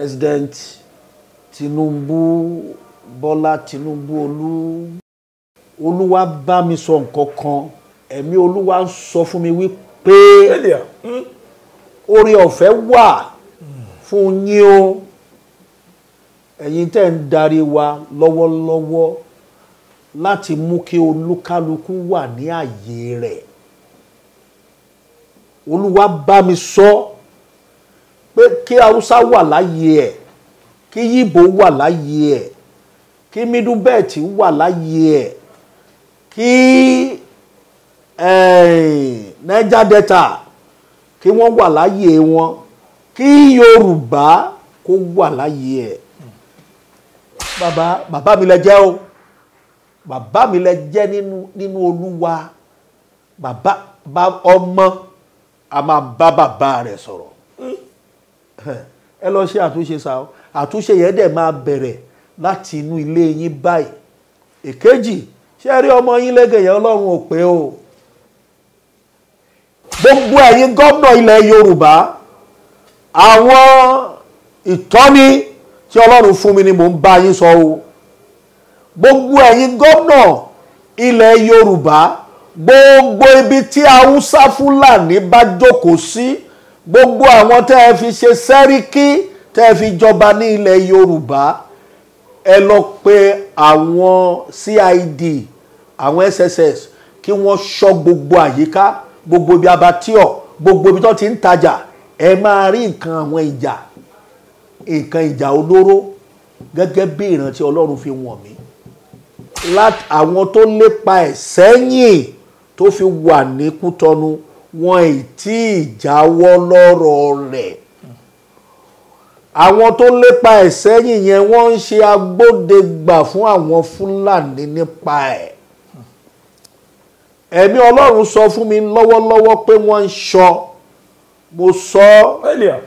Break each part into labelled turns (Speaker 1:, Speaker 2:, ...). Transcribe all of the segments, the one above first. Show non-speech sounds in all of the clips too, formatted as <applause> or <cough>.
Speaker 1: president Tinubu Bọ́lá Tinubu olú olúwa bá mi sọ nǹkan kan ẹ̀mí olúwa ń sọ fún mi wípé hmm? oore ọ̀fẹ́ wà fún yín o ẹ̀yin tẹ́ ń darí wa lọ́wọ́lọ́wọ́ láti mú kí olúkálukú wà ní àyè rẹ̀ olúwa bá mi sọ. So, pé kí haúsá wà láyé ẹ̀ kí yíbo wà láyé ẹ̀ kí middle belt wà láyé ẹ̀ kí eh, niger delta kí wọ́n wà láyé wọn kí yorùbá kó wà láyé ẹ̀ bàbá bàbá mi lẹ jẹ́ o bàbá mi lẹ jẹ́ nínú olúwa bàbá ọmọ a máa bá bàbá rẹ̀ sọ̀rọ̀ ẹ lọ ṣe àtúnṣe sa ọ àtúnṣe yẹn dẹ̀ máa bẹ̀rẹ̀ láti inú ilé yín báyìí èkejì ṣé rí ọmọ yín lẹ́gẹ̀ yẹn ọlọ́run ò pé o gbogbo ẹ̀yin gómìnà ilẹ̀ yorùbá àwọn ìtọ́ni tí ọlọ́run fún mi ni mò ń bá yín sọ o gbogbo ẹ̀yin gómìnà ilẹ̀ yorùbá gbogbo ibi tí haúsá fúlàní bá jókòó sí. Si, gbogbo àwọn tẹ́ ẹ fi ṣe sẹ́ríkì tẹ́ ẹ fi jọba ní ilẹ̀ Yorùbá ẹ lọ pe àwọn CID àwọn SSS kí wọ́n ṣọ́ gbogbo àyíká gbogbo ibi abatíọ̀ gbogbo ibi tó ti ń tajà ẹ máa rí nǹkan àwọn ìjà nǹkan ìjà olóró gẹ́gẹ́ bí ìrántí Ọlọ́run fi wọ̀n mí láti àwọn tó lépa ẹ̀ sẹ́yìn tó fi wà ní Kútọ́nù wọn ì tí ì jáwọ́ lọ́rọ̀ rẹ̀ àwọn tó lépa ẹ̀ sẹ́yìn yẹn wọ́n ń ṣe agbódegbà fún àwọn fúlàní nípa ẹ̀ ẹ̀mí ọlọ́run sọ fún mi lọ́wọ́lọ́wọ́ pé wọ́n ń sọ mo sọ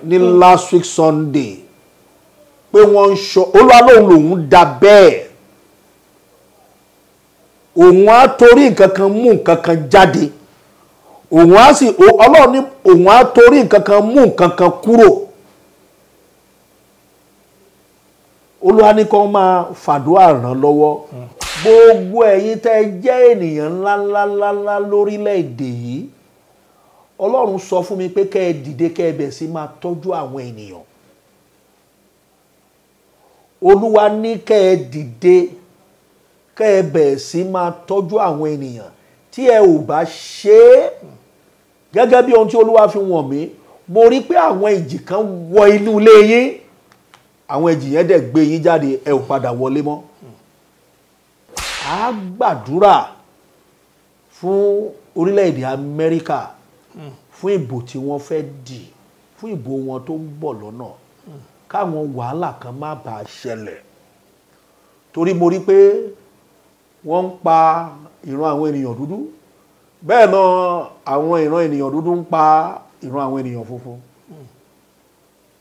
Speaker 1: ní last week sunday pé wọ́n ń sọ olúwa lòun lòun dá bẹ́ẹ̀ òun á torí nǹkan kan mú nǹkan kan jáde òun á sì ọlọ́run ní òun á torí nǹkan kan mú nǹkan kan kúrò olúwa ní kó máa fàdúrà ràn lọ́wọ́ gbogbo ẹ̀yin tẹ́ jẹ́ ènìyàn ńláńláńlá lórílẹ̀‐èdè yìí ọlọ́run sọ fún mi pé kẹ́ ẹ dìde kẹ́ ẹ bẹ̀ sí máa tọ́jú àwọn ènìyàn olúwa ní kẹ́ ẹ dìde kẹ́ ẹ bẹ̀ sí máa tọ́jú àwọn ènìyàn tí ẹ ò bá ṣe é gẹ́gẹ́ bí ohun tí olúwa fi wọ̀n mí mo rí pé àwọn ìjì kan wọ inú ilé yín àwọn ìjì yẹn dẹ̀ gbé yín jáde ẹ ò padà wọlé mọ́ a gbàdúrà fún orílẹ̀-èdè amẹ́ríkà fún ìbò tí wọ́n fẹ́ dì fún ìbò wọn tó ń bọ̀ lọ́nà káwọn wàhálà kan má bàa ṣẹlẹ̀ torí mo rí pé wọ́n ń pa ìran àwọn ènìyàn dúdú bẹ́ẹ̀ náà àwọn ìran ènìyàn dúdú ń pa ìran àwọn ènìyàn funfun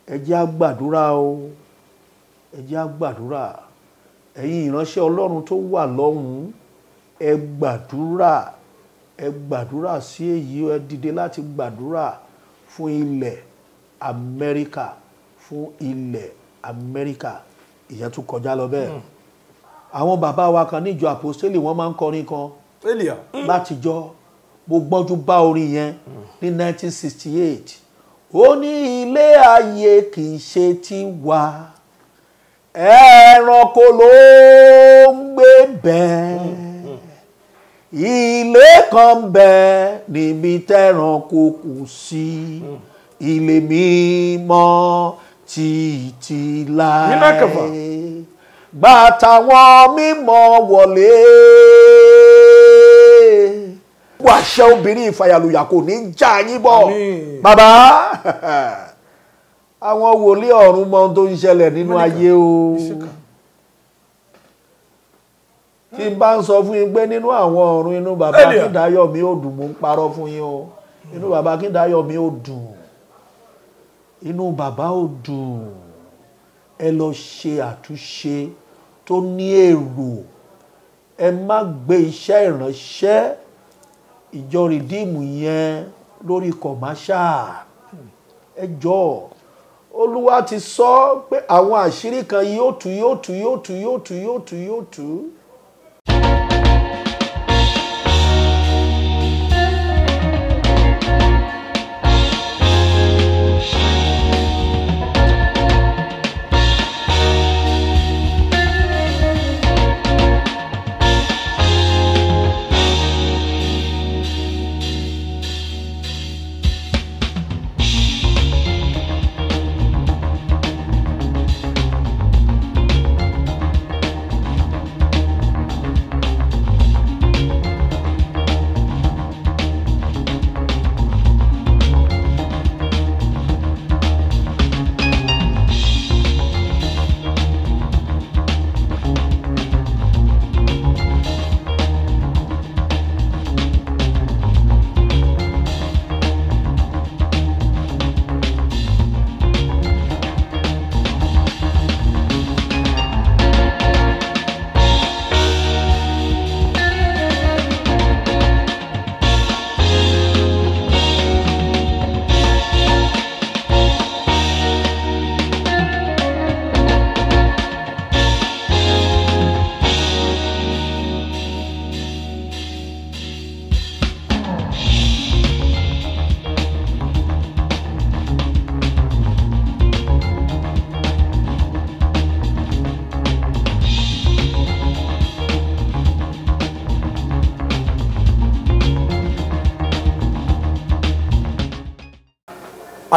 Speaker 1: ẹ jẹ́ á o ẹ jẹ́ á gbàdúrà ẹ̀yin ìránṣẹ́ Ọlọ́run tó wà lọ́hùn-ún ẹ gbàdúrà ẹ gbàdúrà sí èyí ẹ dìde láti gbàdúrà fún ilẹ̀ Amẹ́ríkà fún ilẹ̀ Amẹ́ríkà ìyẹn tún kọjá lọ bẹ́ẹ̀ hmm. àwọn bàbá wa kan níjọ àpòsílẹ̀ wọ́n máa ń kọrin kan látijọ́. Mm mo gbọ́njú bá orin yẹn ní 1968 ó ní ilé ayé kì í ṣe tiwa ẹranko ló ń gbé bẹ́ẹ̀ ilé kan bẹ́ẹ̀ níbi tẹ́ranko kù sí ilé mímọ́ títí láé gbàtà wọn mímọ́ wọlé gbogbo àṣẹ obìnrin ìfàyàlùyà kò ní já yín bọ̀ bàbá <laughs> àwọn wòlíì ọ̀run mọ ohun tó ń ṣẹlẹ̀ nínú ayé o tí n bá ń sọ fún yín pé nínú àwọn ọ̀run inú bàbá Akíndayọ̀ mi ò dùn mò ń parọ́ fún yín o inú bàbá Akíndayọ̀ mi ò dùn inú bàbá ò dùn ẹ lọ ṣe àtúnṣe tó ní èrò ẹ má gbé iṣẹ́ ìránṣẹ́ ìjọ rìdíìmù yẹn lórí kọ̀máṣá ẹ jọ̀ọ́ olúwa ti sọ pé àwọn àṣírí kan yóò tú yóò tú yóò tú yóò tú yóò tú yóò tú. Yóò tú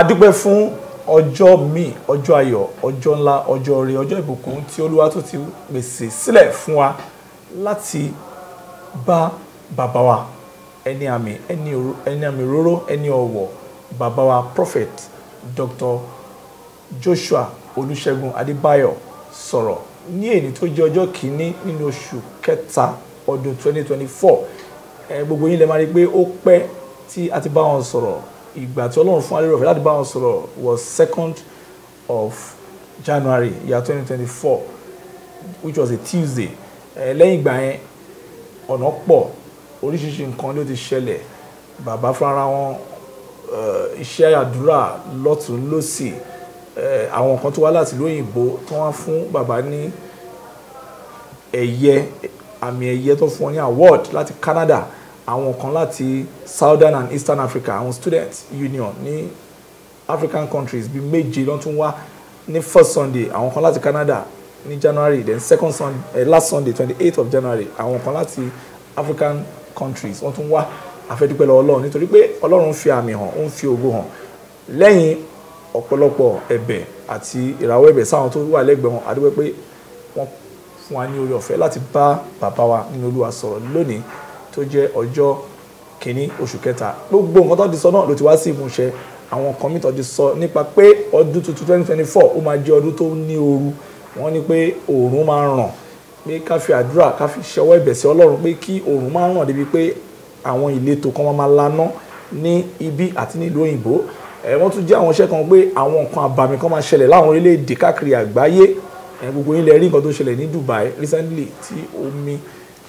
Speaker 2: adúpẹ́ fún ọjọ́ míì ọjọ́ ayọ̀ ọjọ́ ńlá ọjọ́ rẹ ọjọ́ ìbùkún tí olúwa tó ti pèsè sílẹ̀ fún wa láti bá bàbá wa ẹni àmì ẹni àmì róró ẹni ọ̀wọ̀ bàbá wa prophet dr joshua olùṣègùn adébáyọ̀ sọ̀rọ̀ ní èyí tó jẹ́ ọjọ́ kìíní nínú oṣù kẹta ọdún 2024 gbogbo yín lè máa rí i pé ó pẹ́ tí a ti bá wọn sọ̀rọ̀ ìgbà tí ọlọ́run fún alẹ́ rọ̀fẹ́ láti bá wọn sọ̀rọ̀ was second of January year twenty twenty four which was a Tuesday eh, lẹ́yìn ìgbà yẹn ọ̀nà pọ̀ oríṣiríṣi nǹkan ló ti ṣẹlẹ̀ bàbá fúnra wọn eh, iṣẹ́ àdúrà lọ́tún lọ́sì eh, àwọn kan tó wá láti lóyìnbó tó wá fún bàbá ní ẹ̀yẹ àmì ẹ̀yẹ tó fún wọn ní award láti Canada àwọn kan láti Southern and Eastern Africa àwọn student union ní African countries bíi méje ló tún wá ní first Sunday àwọn kan láti Canada ní January then second Sunday uh, last Sunday twenty eight of January àwọn kan láti African countries wọ́n tún wá àfẹ́dúpẹ́ lọ́wọ́ Ọlọ́run nítorí pé Ọlọ́run fi àmì hàn ó ń fi ògo hàn lẹ́yìn ọ̀pọ̀lọpọ̀ ẹ̀bẹ̀ àti ìràwọ̀ ẹ̀bẹ̀ sáwọn tó wà lẹ́gbẹ̀ẹ́ wọn àdúgbò pé wọ́n fún wa ní oore ọ̀fẹ́ láti bá bàbá wa nínú Olúwa sọ̀rọ̀ lónìí tó jẹ́ ọjọ́ kìíní oṣù kẹta gbogbo nǹkan tó ti sọ náà ló ti wá sí ìmúṣẹ àwọn kan ti sọ nípa pé ọdún tuntun twenty twenty four ó máa jẹ́ ọdún tó ní ooru wọ́n ní pé oòrùn máa ràn pé ká fi àdúrà ká fi ṣọwọ́ ẹ̀bẹ̀ sí ọlọ́run pé kí oòrùn máa ràn débi pé àwọn ìletò kan máa laná ní ibi àti nílùú òyìnbó wọ́n tún jẹ́ àwọn iṣẹ́ kan pé àwọn nǹkan àbàmì kan máa ṣẹlẹ̀ láwọn orílẹ̀-èdè káàkiri àgbáyé gbogbo yín lè rí nǹkan tó ṣẹlẹ̀ ní Dubai recently tí omi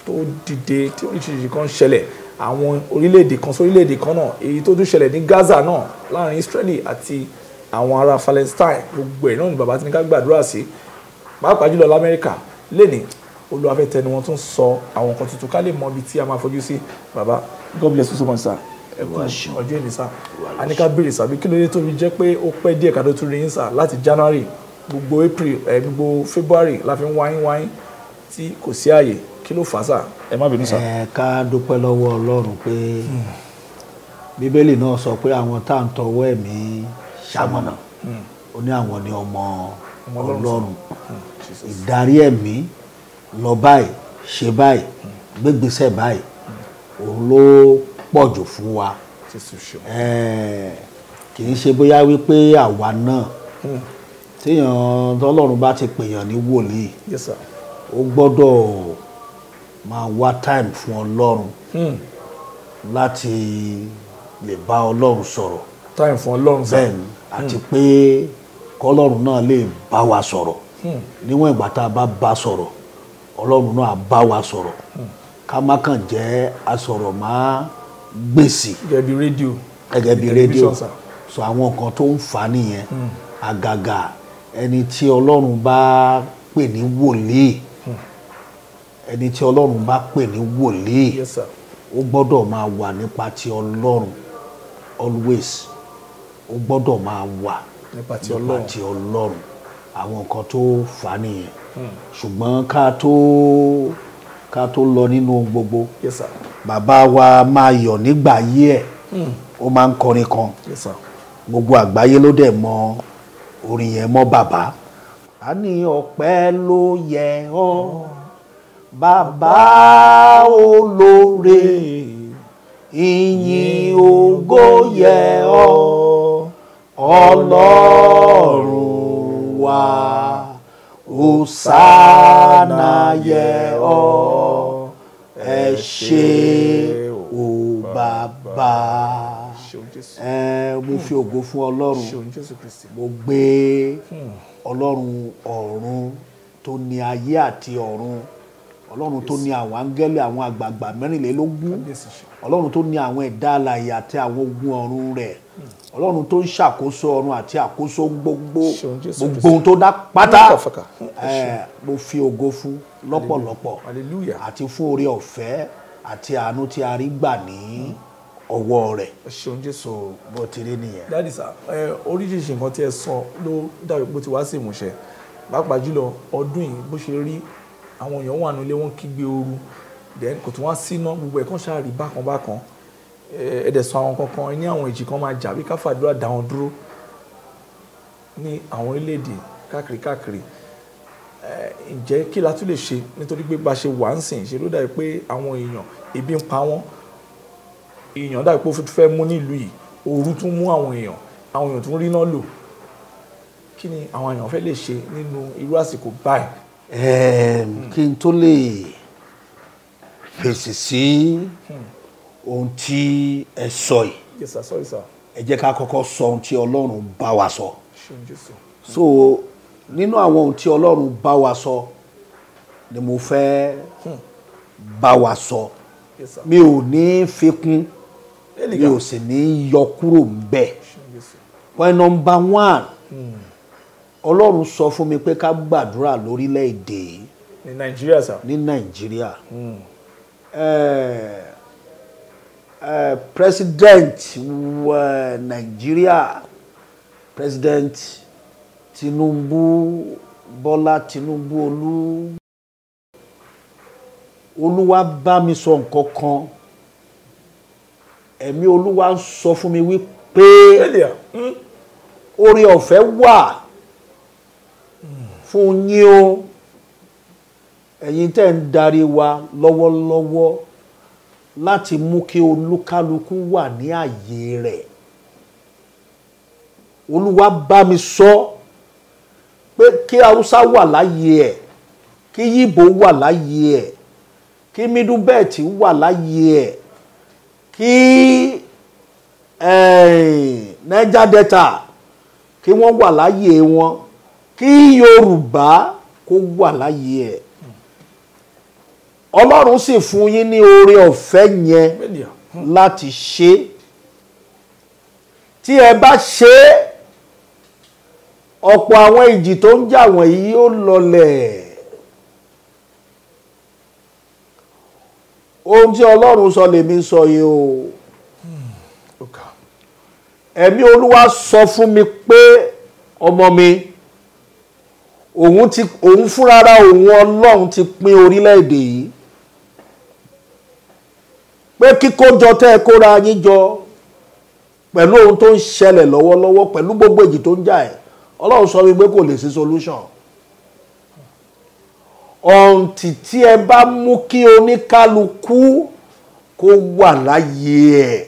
Speaker 2: tó dìde tí oríṣiríṣi kan ṣẹlẹ̀ àwọn orílẹ̀-èdè kan sórílẹ̀-èdè kan náà èyí tó tún ṣẹlẹ̀ ní Gaza náà láàrin Israeli àti àwọn ará Palestine gbogbo ẹ̀ náà ni bàbá ti ní ká gbàdúrà sí pàápàá jùlọ l'Amẹ́ríkà lẹ́ni olùwàfẹ́tẹ́ ni wọ́n tún sọ àwọn nǹkan tuntun ká lè mọ ibi tí a máa fojú sí bàbá God bless you so much sir ẹkún ọjọ́ ìní sá àníká béèrè sàbí kí ló dé tó fi jẹ́ pé ó pẹ́ díẹ̀ ká tó tún rí yín sá láti January gbogbo April ẹ̀ eh, gbogbo February la fi ń wáyín wáyín tí kò sí àyè kí ló fà á sà
Speaker 1: ẹ má bínú sà. ẹ ká dúpẹ́ lọ́wọ́ ọlọ́run pé bíbélì náà sọ pé àwọn tá à ń tọwọ́ ẹ̀mí ṣamọ̀nà hmm. ó ní àwọn ni ọmọ ọlọ́run
Speaker 2: hmm, ìdarí
Speaker 1: ẹ̀mí lọ báyìí ṣe báyìí hmm. gbégbèsè báyìí òun ló pọ̀ jù fún wa kì í ṣe bóyá wípé àwa náà téèyàn tọ́lọ́run bá ti pèèyàn ní wòlíì ó gbọ́dọ̀ máa wá time fún ọlọ́run hmm. láti lè bá ọlọ́run sọ̀rọ̀. time fún ọlọ́run sọ̀rọ̀ bẹ́ẹ̀ni àti hmm. pé kọ́lọ́run náà lè bá wa sọ̀rọ̀ hmm. níwọ̀n ìgbà tá a bá bá sọ̀rọ̀ ọlọ́run náà bá wa sọ̀rọ̀ ká má kàn jẹ́ asọ̀rọ̀ má gbèsè. gẹ́gẹ́ bí rédíò gẹ́gẹ́ bí rédíò sọ àwọn nǹkan tó ń fà á nìyẹn àgàgà ẹni tí ọlọ́run bá pè ní wòlíì ẹni tí ọlọ́run bá pè ní wòlíì ó gbọ́dọ̀ máa wà nípa ti ọlọ́run always ó gbọ́dọ̀ máa wà nípa ti ọlọ́run àwọn nǹkan tó fà á nìyẹn hmm. ṣùgbọ́n ká tó ká tó lọ nínú gbogbo bàbá wa máa yọ̀ nígbà yí ẹ̀ hmm. ó máa ń kọrin kan gbogbo àgbáyé ló dẹ̀ mọ orin yẹn mọ́ bàbá a ní ọpẹ́ ló yẹ ọ́. Oh bàbá olóore ìyìn ògo yẹ ọ́ ọlọ́run wa òsánà yẹ
Speaker 2: ọ́ ẹ ṣé o bàbá
Speaker 1: mo fi ògo fún ọlọ́run mo gbé ọlọ́run ọ̀run tó ní ayé àti ọ̀run ọlọ́run tó ní àwọn áńgẹ́lì àwọn àgbààgbà mẹ́rìnlélógún ọlọ́run tó ní àwọn ẹ̀dá alààyè àti àwọn ogun ọ̀run rẹ̀ hmm. ọlọ́run tó ń ṣàkóso ọ̀run àti àkóso gbogbo gbogbo ohun tó dá pátá mo fi ògo fún lọ́pọ̀lọpọ̀ àti fún oore ọ̀fẹ́ àti àánú tí a rí gbà ní
Speaker 2: hmm. ọwọ́ rẹ̀ so bó ti rí nìyẹn. dáàdì sá oríṣiríṣi nǹkan tí ẹ sọ ló dàbí pé ó ti wá sí ìmúṣẹ pàápàá jùlọ ọdún yìí bó ṣe rí àwọn èèyàn wà nílé wọn kígbe ooru then kò tún wá síná gbogbo ẹ̀ kàn ṣáà rí bákan bákan ẹ̀ẹ́dẹ̀ sọ àwọn kankan ní àwọn èjì kan máa jà bí ká fàdúrà dá wọn dúró ní àwọn orílẹ̀-èdè káàkiri káàkiri ǹjẹ́ kí la tún lè ṣe nítorí pé bá ṣe wà ń sìn ṣe ló dàbí pé àwọn èèyàn ebi ń pa wọ́n èèyàn dàbí pé ó fẹ́ mú nílùú yìí ooru tún mú àwọn èèyàn àwọn èèyàn tún rí lò kí ni àwọn èèyàn fẹ́ lè ṣe nínú irú àsìkò báyìí
Speaker 1: kí n tó lè fèsì sí ohun tí ẹ sọ yìí yes sir sorry sir ẹ jẹ́ ká kọ́kọ́ sọ ohun tí ọlọ́run bá wa sọ so nínú àwọn ohun tí ọlọ́run bá wa sọ ni mo fẹ́ hmm. bá wa sọ mi ò ní fi kún mi ò sì ní yọ kúrò ń bẹ̀ point number one. Hmm ọlọ́run sọ fún mi pé ká gbàdúrà lórílẹ̀‐èdè ní nàìjíríà sir ní nàìjíríà hmm. president nàìjíríà president Tinubu Bọ́lá Tinubu olú olúwa bá mi sọ nǹkan kan ẹ̀mí olúwa sọ fún mi wípé hmm. oore ọ̀fẹ́ wà fún yín o ẹ̀yin tẹ́ ń darí wa lọ́wọ́lọ́wọ́ láti mú kí olúkálukú wà ní àyè rẹ̀ olúwa bá mi sọ pé kí haúsá wà láyè ẹ̀ kí yíbo wà láyè ẹ̀ kí mídúbẹ́ẹ̀tì wà láyè ẹ̀ kí eh, niger delta kí wọ́n wà láyè wọn kí yorùbá kó wà láyé ẹ̀ ọlọ́run sì fún yín ní oore ọ̀fẹ́ yẹn láti ṣe tí ẹ bá ṣe ọ̀pọ̀ àwọn ìjì tó ń jà wọ̀nyí yóò lọlẹ̀ ohun tí ọlọ́run sọ lèmi sọ yìí o hmm, ẹ̀mí olúwa sọ fún mi pé ọmọ mi. Okay òun ti òun fúnrara òun ọlọ́run ti pín orílẹ̀-èdè yìí pé kíkójọ tẹ́ ẹ kóra yín jọ pẹ̀lú ohun tó ń ṣẹlẹ̀ lọ́wọ́lọ́wọ́ pẹ̀lú gbogbo èjì tó ń jà ẹ̀ ọlọ́run sọ wípé kò lè sí solution ọ̀ǹtì tí ẹ bá mú kí oníkálukú kó wà láyé ẹ̀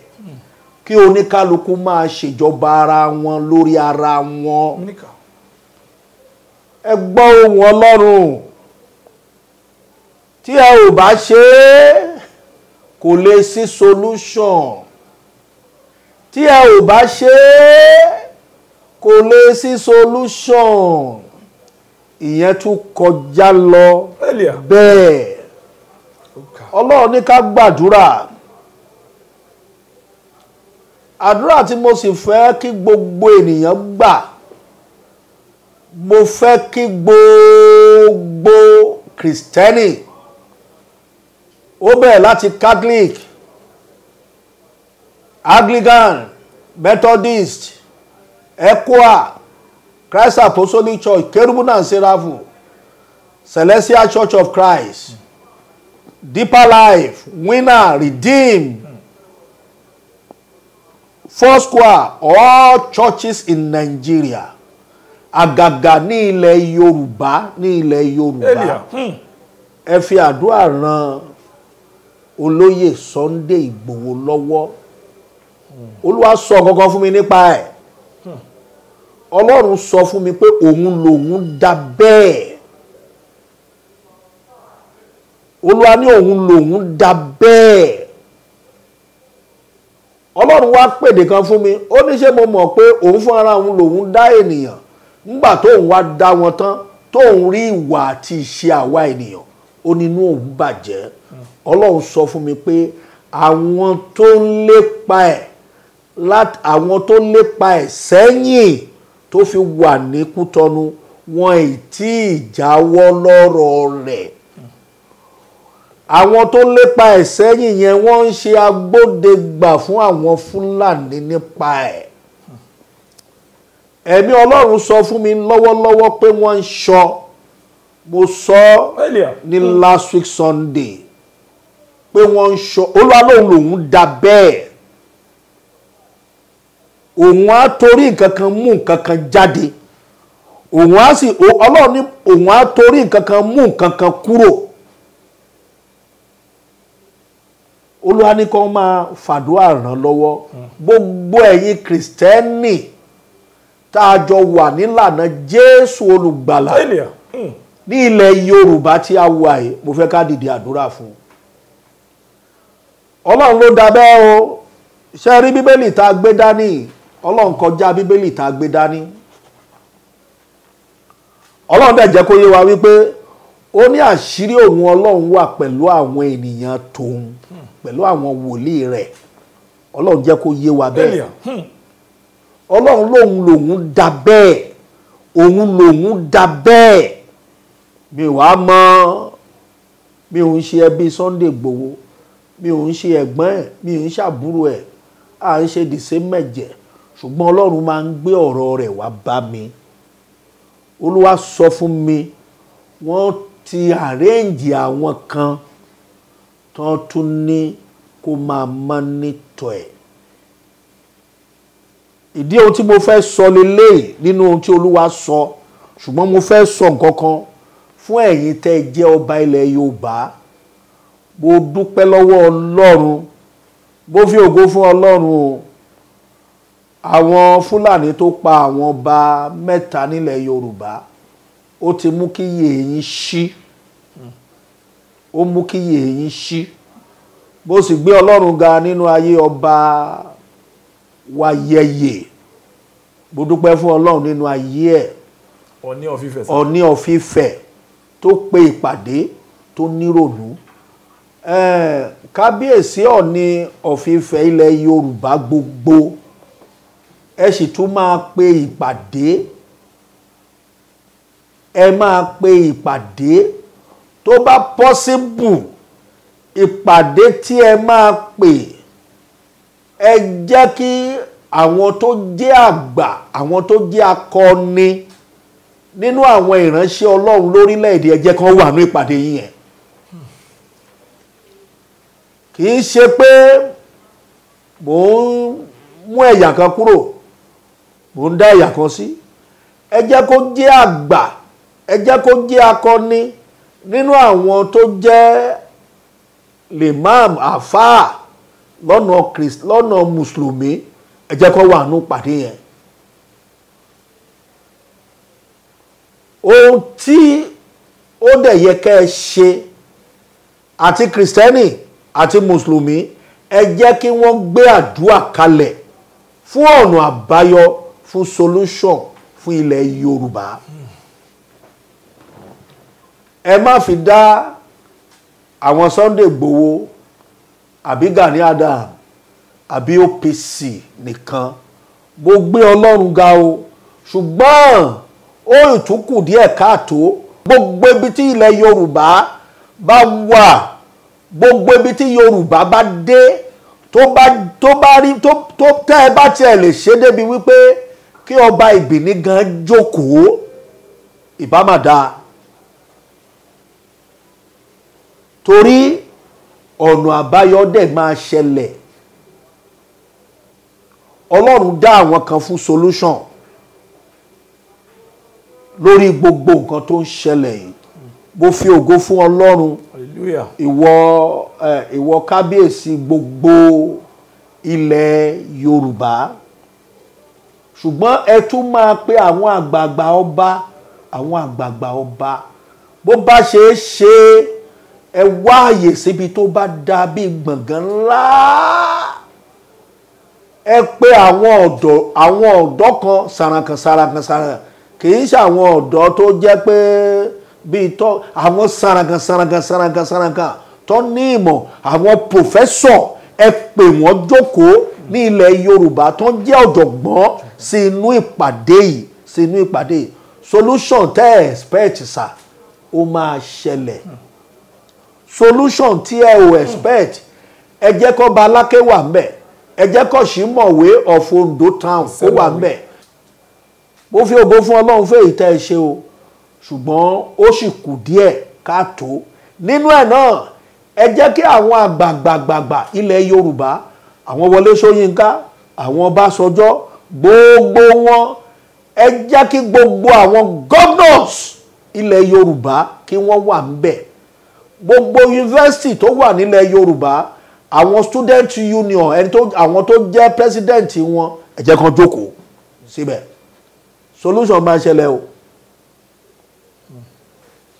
Speaker 1: kí oníkálukú máa ṣèjọba ara wọn lórí ara wọn. Mm ẹ gbọ́ ohùn ọlọ́run tí ẹ ò bá ṣe é kò lè sí solution tí ẹ ò bá ṣe é kò lè sí solution ìyẹn tún kọjá lọ bẹ́ẹ̀ ọlọ́run ní ká gbàdúrà àdúrà tí mo sì fẹ́ kí gbogbo ènìyàn gbà mo fẹ́ kí gbogbo kristẹni ó bẹ̀rẹ̀ láti catholic anglican methodist ecoa christ apostolic church kerubun and seraphu celestial church of christ deeper life winner Redeem, Four Square, all churches in nigeria àgàgà ní ilẹ̀ yorùbá ní ilẹ̀ yorùbá hmm. ẹ fi àdúrà ran olóyè Sunday Ìgbòho lọ́wọ́ olúwa sọ kankan fún mi nípa ẹ̀ hmm. ọlọ́run sọ fún mi pé òun lòun dá bẹ́ẹ̀ olúwa ní òun lòun dá bẹ́ẹ̀ ọlọ́run wá pèdè kan fún mi ó ní ṣé mo mọ̀ pé òun fún òun lòun dá ènìyàn ńgbà tóun wá dá wọn tán tóun rí ìwà àti ìṣe àwa ènìyàn ó nínú òun bàjẹ́ ọlọ́run sọ fún mi pé àwọn tó ń lépa ẹ̀ àwọn tó ń lépa ẹ̀ sẹ́yìn tó fi wà ní kútọ́nu wọn ì tí ì jáwọ́ lọ́rọ̀ rẹ̀ àwọn tó ń lépa ẹ̀ sẹ́yìn yẹn wọ́n ń ṣe agbódegbà fún àwọn fúlàní nípa ẹ̀ ẹ̀mí ọlọ́run sọ fún mi lọ́wọ́lọ́wọ́ pé wọ́n ń sọ mo sọ ní last week sunday pé wọ́n ń sọ olúwa lòun lòun da bẹ́ẹ̀ òun á torí nǹkan kan mú nǹkan kan jáde òun á sì ọlọ́run ní òun á torí nǹkan kan mú nǹkan kan kúrò olúwa ní máa fàdúrà ràn lọ́wọ́ hmm. gbogbo ẹ̀yin kìrìsìtẹ́nì. Mm tá a jọ wà nílànà Jésù olùgbàlà hmm. ní ilẹ̀ Yorùbá tí a wà yìí mo fẹ́ ká dìde àdúrà fún Ọlọ́run ló dá bẹ́ẹ̀ o ṣe rí Bíbélì tá a gbé dání Ọlọ́run kọjá Bíbélì tá a gbé dání Ọlọ́run dẹ̀ jẹ́ kó yé wa wípé ó ní àṣírí òun Ọlọ́run wà pẹ̀lú àwọn ènìyàn tòun pẹ̀lú àwọn wòlíì rẹ̀ Ọlọ́run jẹ́ kó yé wa bẹ́ẹ̀. Hmm ọlọ́run lòun lòun dá bẹ́ẹ̀ òun lòun dá bẹ́ẹ̀ mi ò wá mọ́ mi ò ń ṣe ẹbí Sunday Igboho mi ò ń ṣe ẹ̀gbọ́n ẹ̀ mi ò ń ṣàbúrò ẹ̀ à ń ṣe dìse mẹ̀jẹ̀ ṣùgbọ́n ọlọ́run máa ń gbé ọ̀rọ̀ rẹ̀ wá bá mi olúwa sọ fún mi wọ́n ti àrẹ́ǹjì àwọn kan tán tún ní kó máa mọ́ nítọ̀ ẹ̀ ìdí ohun tí mo fẹ́ sọ leléyìí nínú ohun tí olúwa sọ ṣùgbọ́n mo fẹ́ sọ nǹkan kan fún ẹ̀yin tẹ́ ẹ jẹ́ ọba ilẹ̀ yorùbá mo dúpẹ́ lọ́wọ́ ọlọ́run bó fi ògo fún ọlọ́run o àwọn fúlàní tó pa àwọn ọba mẹ́ta nílẹ̀ yorùbá ó ti mú kí yèyín ṣí ó mú kí yèyín ṣí bó sì gbé ọlọ́run ga nínú ayé ọba wá yẹyẹ mo dúpẹ́ fún ọlọ́run nínú ayé ẹ̀
Speaker 2: ọ̀ní ọ̀fífẹ́ ọ̀ní
Speaker 1: ọ̀fífẹ́ tó pe ìpàdé tó nírònú kábíyèsí ọ̀ní ọ̀fífẹ́ ilẹ̀ yorùbá gbogbo ẹ sì tún máa pe ìpàdé ẹ máa pe ìpàdé tó bá pọ́síbù ìpàdé tí ẹ máa pè. E ẹ jẹ́ kí àwọn tó jẹ́ àgbà àwọn tó jẹ́ akọni nínú àwọn ìránṣẹ́ ọlọ́run lórílẹ̀‐èdè ẹ jẹ́ kan wà ní ìpàdé yìí yẹn kì í ṣe pé mò ń mú ẹ̀yà kan kúrò mò ń dá ẹ̀yà kan sí ẹ jẹ́ kó jẹ́ àgbà ẹ jẹ́ kó jẹ́ akọni nínú àwọn tó jẹ́ lè àfáà lọ́nà Christ lọ́nà mùsùlùmí ẹ jẹ́ kó wà nù pàdé yẹn. ohun tí ó dẹ̀ yẹ kẹ́ ẹ ṣe àti kìrìsìtẹ́nì àti mùsùlùmí ẹ jẹ́ kí wọ́n gbé àdúrà kalẹ̀ fún ọ̀nà àbáyọ fún solution fún ilẹ̀ Yorùbá ẹ má fi dá àwọn Sunday Igboho àbí Gani Adam àbí OPC nìkan bó gbé ọlọ́run ga o ṣùgbọ́n ó ìtúkù díẹ̀ káàtó gbogbo ibi tí ilẹ̀ Yorùbá bá wà gbogbo ibi tí Yorùbá bá dé tó bá tó bá rí tó tó tẹ́ ẹ bá tiẹ̀ lè ṣe débi wípé kí ọba Ìbíní gan jókòó ìbámadà torí ọ̀nà àbáyọ dẹ̀ máa ṣẹlẹ̀ ọlọ́run dá àwọn kan fún solution lórí gbogbo nǹkan tó ń ṣẹlẹ̀ yìí bó fi ògo fún ọlọ́run ìwọ ìwọ kábíyèsí gbogbo ilẹ̀ yorùbá ṣùgbọ́n ẹ tún máa pe àwọn àgbààgbà ọba àwọn àgbààgbà ọba bó bá ṣe é ṣe é ẹ wá àyè síbi tó bá dáa bíi gbọ̀ngàn ńlá ẹ pé àwọn ọ̀dọ́ àwọn ọ̀dọ́ kan sàrànkàn sàrànkàn sàrànkàn kì í ṣe àwọn ọ̀dọ́ tó jẹ́ pé bíi tọ́ àwọn sàrànkàn sàrànkàn sàrànkàn sàrànkàn tó ní ìmọ̀ àwọn pòfẹ́sọ̀ ẹ pè wọ́n jókòó ní ilẹ̀ Yorùbá tó jẹ́ ọ̀jọ̀gbọ́n sí inú ìpàdé yìí sí inú ìpàdé yìí solution tẹ́ ẹ̀ expect sà ó máa ṣẹlẹ̀. Hmm solution tí ẹ ò expect ẹ jẹ́ kó ba aláké wà ń bẹ̀ ẹ jẹ́ kó ṣìmọ̀wé of Ondo town kó wà ń bẹ̀ mo fi ògo fún ọlọ́run fún èyí tẹ́ ẹ ṣe o ṣùgbọ́n ó sì kù díẹ̀ káàtó nínú ẹ̀ náà ẹ jẹ́ kí àwọn àgbàgbàgbàgbà ilẹ̀ Yorùbá àwọn Wọlé Ṣóyínká àwọn Ọbásanjọ́ gbogbo wọn ẹ jẹ́ kí gbogbo àwọn governors ilẹ̀ Yorùbá kí wọ́n wà ń bẹ̀ gbogbo yunifásitì tó wà nílẹ̀ yorùbá àwọn student union ẹni tó àwọn tó jẹ́ president wọn ẹ jẹ́ kan jókòó síbẹ̀ solution máa ṣẹlẹ̀ o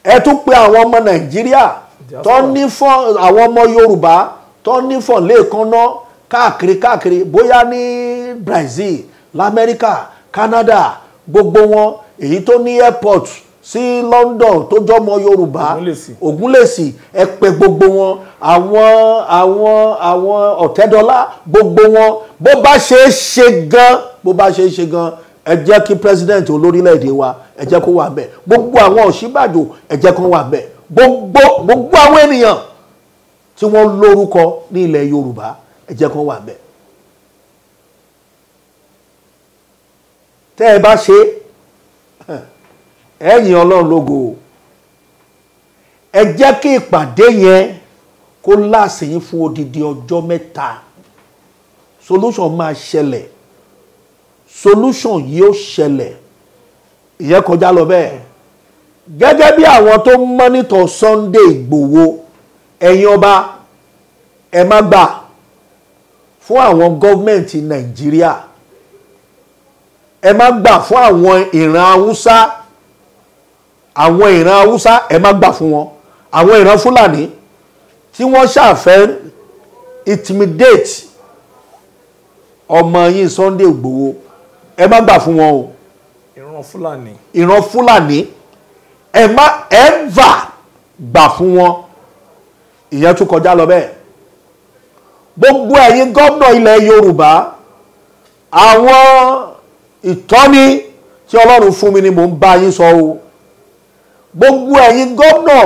Speaker 1: ẹ tún pe àwọn ọmọ nàìjíríà tó ní fọ́n àwọn ọmọ yorùbá tó ní fọ́n lẹ́ẹ̀kan káàkiri káàkiri bóyá ní brazil lamẹ́ríkà canada gbogbo wọn èyí tó ní airport sí London tó jọmọ Yorùbá ogunlesi ẹ pè gbogbo wọn àwọn àwọn àwọn Ọ̀tẹ́dọ́lá gbogbo wọn bó bá ṣe é ṣe gan bó bá ṣe é ṣe gan ẹ jẹ́ kí president olórílẹ̀‐èdè wa ẹ jẹ́ kó wà bẹ́ẹ̀ gbogbo àwọn Ọ̀ṣínbàjò ẹ jẹ́ kó wà bẹ́ẹ̀ gbogbo gbogbo àwọn ènìyàn tí wọ́n lórúkọ ní ilẹ̀ Yorùbá ẹ jẹ́ kó wà bẹ́ẹ̀ tẹ́ ẹ bá ṣe ẹ̀yin ọlọ́run lógo ẹ jẹ́ kí ìpàdé yẹn kó láàsìyín fún odidi ọjọ́ mẹ́ta solution máa ṣẹlẹ̀ solution yìí ó ṣẹlẹ̀ ìyẹn kọjá lọ bẹ́ẹ̀ gẹ́gẹ́ bí àwọn tó ń mọ́nítọ̀ Sunday Ìgbòho ẹ̀yin ọba ẹ má gbà fún àwọn gọ́ọ̀mẹ̀ntì Nàìjíríà ẹ má gbà fún àwọn ìran Haúsá àwọn ìran haúsá ẹ má gbà fún wọn àwọn ìran fúlàní tí wọ́n ṣàfẹ́ intimidate ọmọ yín Sunday Igboho ẹ má gbà fún wọn o.
Speaker 2: ìran fúlàní.
Speaker 1: ìran fúlàní ẹ má ever gbà fún wọn ìyẹn tún kọjá lọ bẹ́ẹ̀ gbogbo ẹ̀yin gómìnà ilẹ̀ Yorùbá àwọn ìtọ́ni tí Ọlọ́run fún mi ni mò ń bá yín sọ o. So gbogbo ẹ̀yin gómìnà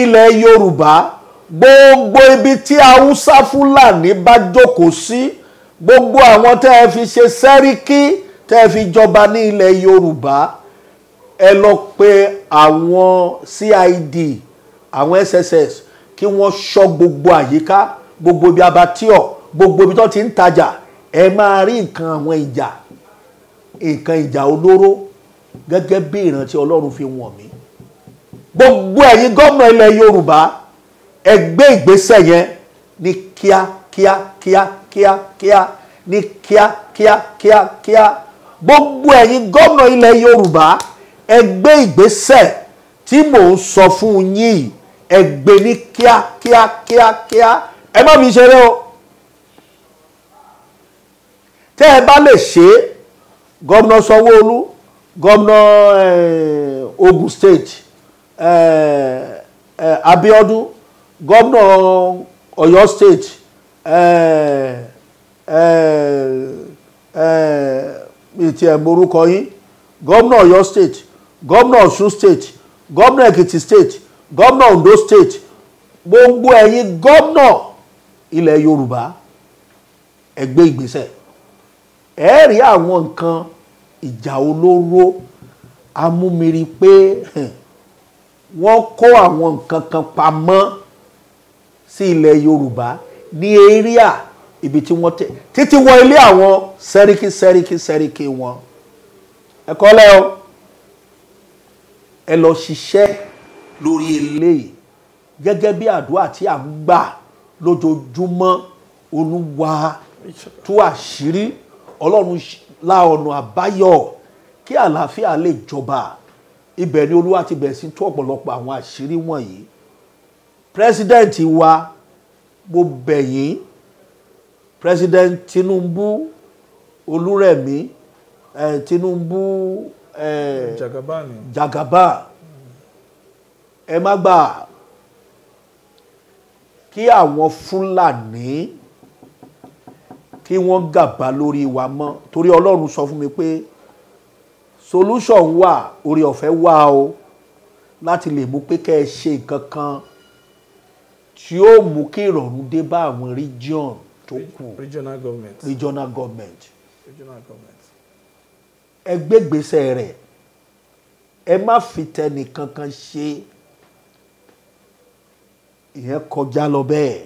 Speaker 1: ilẹ̀ yorùbá gbogbo ibi tí haúsá fúlàní bá jókòó sí gbogbo àwọn tẹ́ ẹ fi ṣe sẹ́ríkì tẹ́ ẹ fi jọba ní ilẹ̀ yorùbá ẹ lọ pe àwọn cid àwọn sss kí wọ́n ṣọ́ gbogbo àyíká gbogbo ibi abatíọ̀ gbogbo ibi tó ti ń tajà ẹ máa rí nǹkan àwọn ìjà nǹkan ìjà olóró gẹ́gẹ́ bí ìrántí ọlọ́run fi wọ̀n mí gbogbo ẹ̀yin gómìnà ilẹ̀ yorùbá ẹ gbé ìgbésẹ̀ yẹn ní kíákíá kíákíá kíá ní kíákíá kíákíá gbogbo ẹ̀yin gómìnà ilẹ̀ yorùbá ẹ gbé ìgbésẹ̀ tí mò ń sọ fún yín yìí ẹ gbé ní kíákíá kíákíá ẹ má fi ṣeré o tẹ́ ẹ bá lè ṣe gómìnà sanwó-olú eh, ogun state Eh, eh, Abiodun govnor oyo state eti eh, ẹ̀ morúkọ yín gọvanọ Ọ̀yọ́ state gọvanọ Ọ̀ṣun state gọvanọ ekiti state gọvanọ Ondo state gbogbo ẹ̀yin govnor ilẹ̀ Yorùbá ẹ gbé ìgbésẹ̀ ẹ rí àwọn nǹkan ìjà olóró amúmiri pé. wọ́n kó àwọn nǹkan kan pamọ́ sí ilẹ̀ Yorùbá ní eréà ibi tí wọ́n tẹ̀ títí wọ ilé àwọn sẹ́ríkì sẹ́ríkì sẹ́ríkì wọn ẹ̀kọ́ lẹ́ o ẹ lọ ṣiṣẹ́ lórí eléyìí gẹ́gẹ́ bí àdúrà tí à ń gbà lójoojúmọ́ Olúwa tú àṣírí Ọlọ́run la ọ̀nà àbáyọ kí àlàáfíà lè jọba ibẹ̀ ni olúwa ti bẹ̀rẹ̀ sí tú ọ̀pọ̀lọpọ̀ àwọn àṣírí wọ̀nyí president wa mo bẹ̀ yín president Tinubu Olúrẹ̀mí eh, Tinubu eh, Jagaba ẹ má gbà kí àwọn Fúlàní kí wọ́n gàba lórí wa mọ́ torí Ọlọ́run sọ fún mi pé solution wà orí ọ̀fẹ́ wà o láti lè mú pé kẹ́ ẹ ṣe nǹkan kan tí ó mú kí ìrọ̀rùn dé bá àwọn region
Speaker 2: tó kù regional
Speaker 1: government regional government ẹ gbégbèsè rẹ̀ ẹ má fi tẹnìkankan ṣe ìyẹn kọjá lọ bẹ́ẹ̀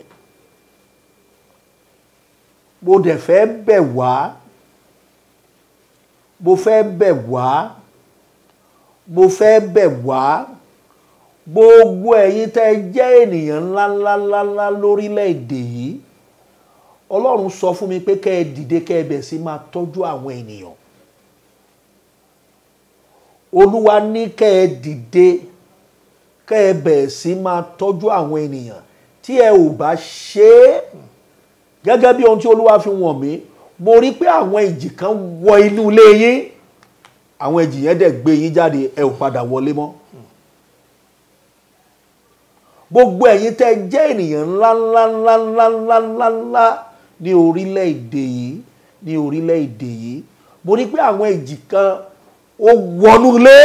Speaker 1: mo dẹ̀ fẹ́ bẹ̀ wá mo fẹ́ bẹ̀ wá mo fẹ́ bẹ̀ wá gbogbo ẹ̀yin tẹ́ jẹ́ ènìyàn ńláńláńlá lórílẹ̀‐èdè yìí ọlọ́run sọ fún mi pé kẹ́ ẹ dìde kẹ́ ẹ bẹ̀ sí máa tọ́jú àwọn ènìyàn olúwa ní kẹ́ ẹ dìde kẹ́ ẹ bẹ̀ sí máa tọ́jú àwọn ènìyàn tí ẹ ò bá ṣe é gẹ́gẹ́ bí ohun tí olúwa fi wọ̀n mí mo rí pé àwọn ìjì kan wọ inú ilé yín àwọn ìjì yẹn dẹ̀ gbé yín jáde ẹ ò padà wọlé mọ́ gbogbo ẹ̀yin tẹ́ jẹ́ ènìyàn ńláńláńláńláńláńlá ní orílẹ̀-èdè yìí ní orílẹ̀-èdè yìí mo rí pé àwọn ìjì kan ó wọnú ilé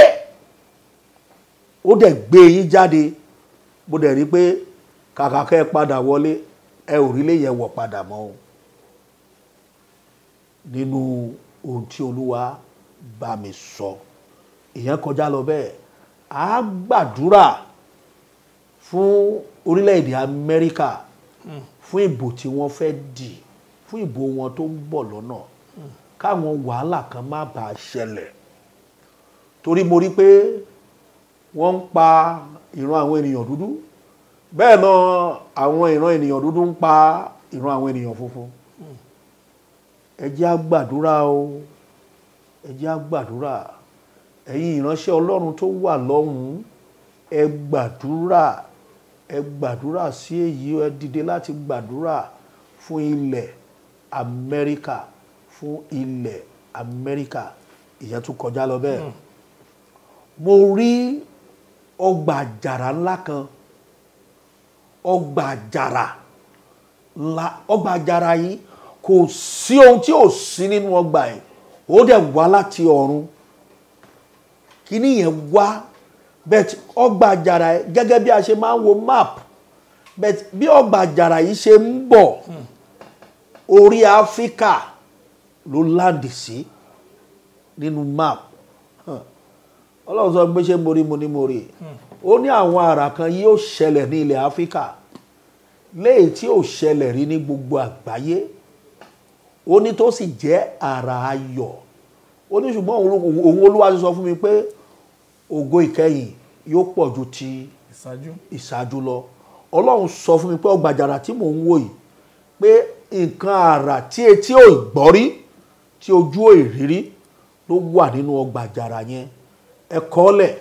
Speaker 1: ó dẹ̀ gbé yín jáde mo dẹ̀ rí pé kàkà padà wọlé ẹ ò rí lè yẹ wọ̀ padà mọ́ o nínú ohun tí olúwa bá mi sọ ìyẹn kọjá lọ bẹ́ẹ̀ a gbàdúrà fún orílẹ̀-èdè amẹ́ríkà fún ìbò tí wọ́n fẹ́ dì fún ìbò wọn tó ń bọ̀ lọ́nà káwọn wàhálà kan má bàa ṣẹlẹ̀ torí mo rí pé wọ́n ń pa ìran àwọn ènìyàn dúdú bẹ́ẹ̀ náà àwọn ìran ènìyàn dúdú ń pa ìran àwọn ènìyàn funfun ẹ jẹ́ á gbàdúrà o ẹ jẹ́ á gbàdúrà ẹ̀yin ìránṣẹ́ ọlọ́run tó wà lọ́hùn-ún ẹ gbàdúrà ẹ gbàdúrà sí èyí ẹ dìde láti gbàdúrà fún ilẹ̀ amẹ́ríkà fún ilẹ̀ amẹ́ríkà ìyẹn tún kọjá lọ bẹ́ẹ̀ hmm. mo rí ọgbà àjàrà ńlá kan ọgbà àjàrà ńlá ọgbà àjàrà yìí kò sí ohun tí ò sí nínú ọgbà ẹ̀ ó dẹ̀ wá láti ọ̀run kíní yẹn wá bet ọgbà àjàrà ẹ̀ gẹ́gẹ́ bí a ṣe máa ń wo map bet bí ọgbà àjàrà yìí ṣe ń bọ̀ hmm. orí áfíríkà ló láǹdì sí nínú map ọlọ́run sọ pé ṣé mori rí mo ni mo rí hmm. ó ní àwọn àrà kan yóò ṣẹlẹ̀ ní ilẹ̀ áfíríkà léyìí tí ò ṣẹlẹ̀ rí ní gbogbo àgbáyé. ó ní tó sì jẹ́ àrà ayọ̀ ó ní ṣùgbọ́n òun olúwa ti sọ fún mi pé ògo ìkẹyìn yóò pọ̀ ju ti ìṣáájú lọ ọlọ́run sọ fún mi pé ọgbàjàrà tí mò ń wò yìí pé nǹkan àrà tí etí ò gbọ́ rí tí ojú ò rírí ló wà nínú ọgbàjàrà yẹn ẹ kọ́lẹ̀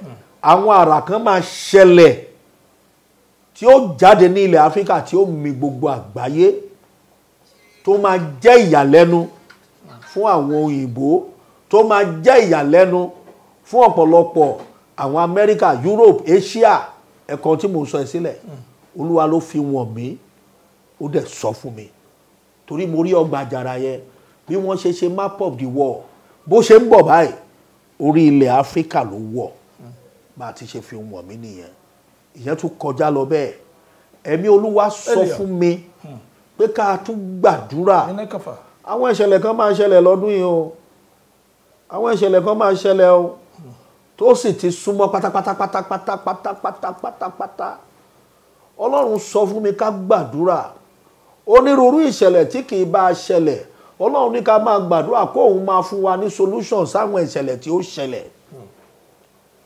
Speaker 1: àwọn àrà kan máa ṣẹlẹ̀ tí ó jáde ní ilẹ̀ Áfíríkà tí ó mì gbogbo àgbáyé tó máa jẹ́ ìyàlẹ́nu fún àwọn òyìnbó tó máa jẹ́ ìyàlẹ́nu fún ọ̀pọ̀lọpọ̀ àwọn Amẹ́ríkà Europe Asia ẹ̀kan tí mò ń sọ ẹ sílẹ̀ Olúwa ló fi wọ̀n mí ó dẹ̀ sọ fún mi torí mo rí ọgbà àjàrà yẹn bí wọ́n ṣe ṣe map of the world bó ṣe ń bọ̀ báyìí orí ilẹ̀ Áfíríkà ló wọ̀ bá a ti ṣe fi wọ̀n mí nìyẹn ìyẹn tún kọjá lọ bẹ́ẹ̀ ẹ̀mí Olúwa sọ fún mi. Hmm pé ká tún gbàdúrà àwọn ìṣẹ̀lẹ̀ kan máa ṣẹlẹ̀ lọ́dún yìí o àwọn ìṣẹ̀lẹ̀ kan máa ṣẹlẹ̀ o tó sì ti súnmọ́ pátápátápátápátápátápátápátá ọlọ́run sọ fún mi ká gbàdúrà onírúurú ìṣẹ̀lẹ̀ tí kì í bá a ṣẹlẹ̀ ọlọ́run ní ká máa gbàdúrà kó òun máa fún wa ní solution sáwọn ìṣẹ̀lẹ̀ tí ó ṣẹlẹ̀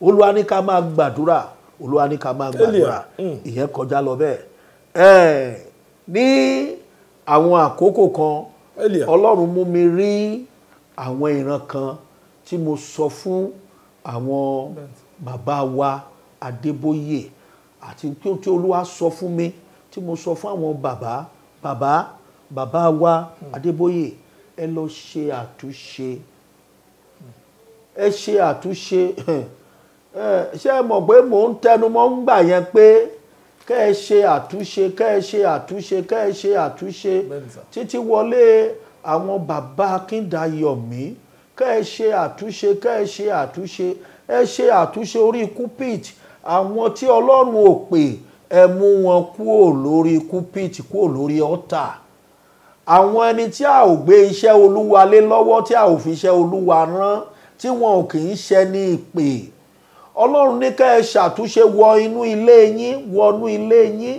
Speaker 1: olúwa ní ká máa gbàdúrà olúwa ní ká máa gbàdúrà mm. ìyẹn kọjá lọ bẹ́ẹ̀ ní àwọn àkókò kan ọlọ́run mú mi rí àwọn ìran kan tí mo sọ fún àwọn bàbá wa Adébóyè àti tí olúwa sọ fún mi tí mo sọ fún àwọn bàbá bàbá bàbá wa Adébóyè ẹ lọ ṣe àtúnṣe ẹ ṣe àtúnṣe ṣé ẹ mọ̀ pé mò ń tẹnu mọ́ ń gbà yẹn pé kẹ́ ẹ ṣe àtúnṣe kẹ́ ẹ ṣe àtúnṣe kẹ́ ẹ ṣe àtúnṣe títí wọlé àwọn bàbá Akíndayọ̀mí kẹ́ ẹ ṣe àtúnṣe kẹ́ ẹ ṣe àtúnṣe ẹ ṣe àtúnṣe orí Cupid àwọn tí Ọlọ́run ò pè ẹ mú wọn kúò lórí Cupid kúò lórí ọ̀tà àwọn ẹni tí a ò gbé iṣẹ́ Olúwa lé lọ́wọ́ tí a ò fi iṣẹ́ Olúwa rán tí wọn ò kì í ṣe ní ìpè ọlọ́run ní ká ẹ ṣàtúnṣe wọ inú ilé yín wọnú ilé yín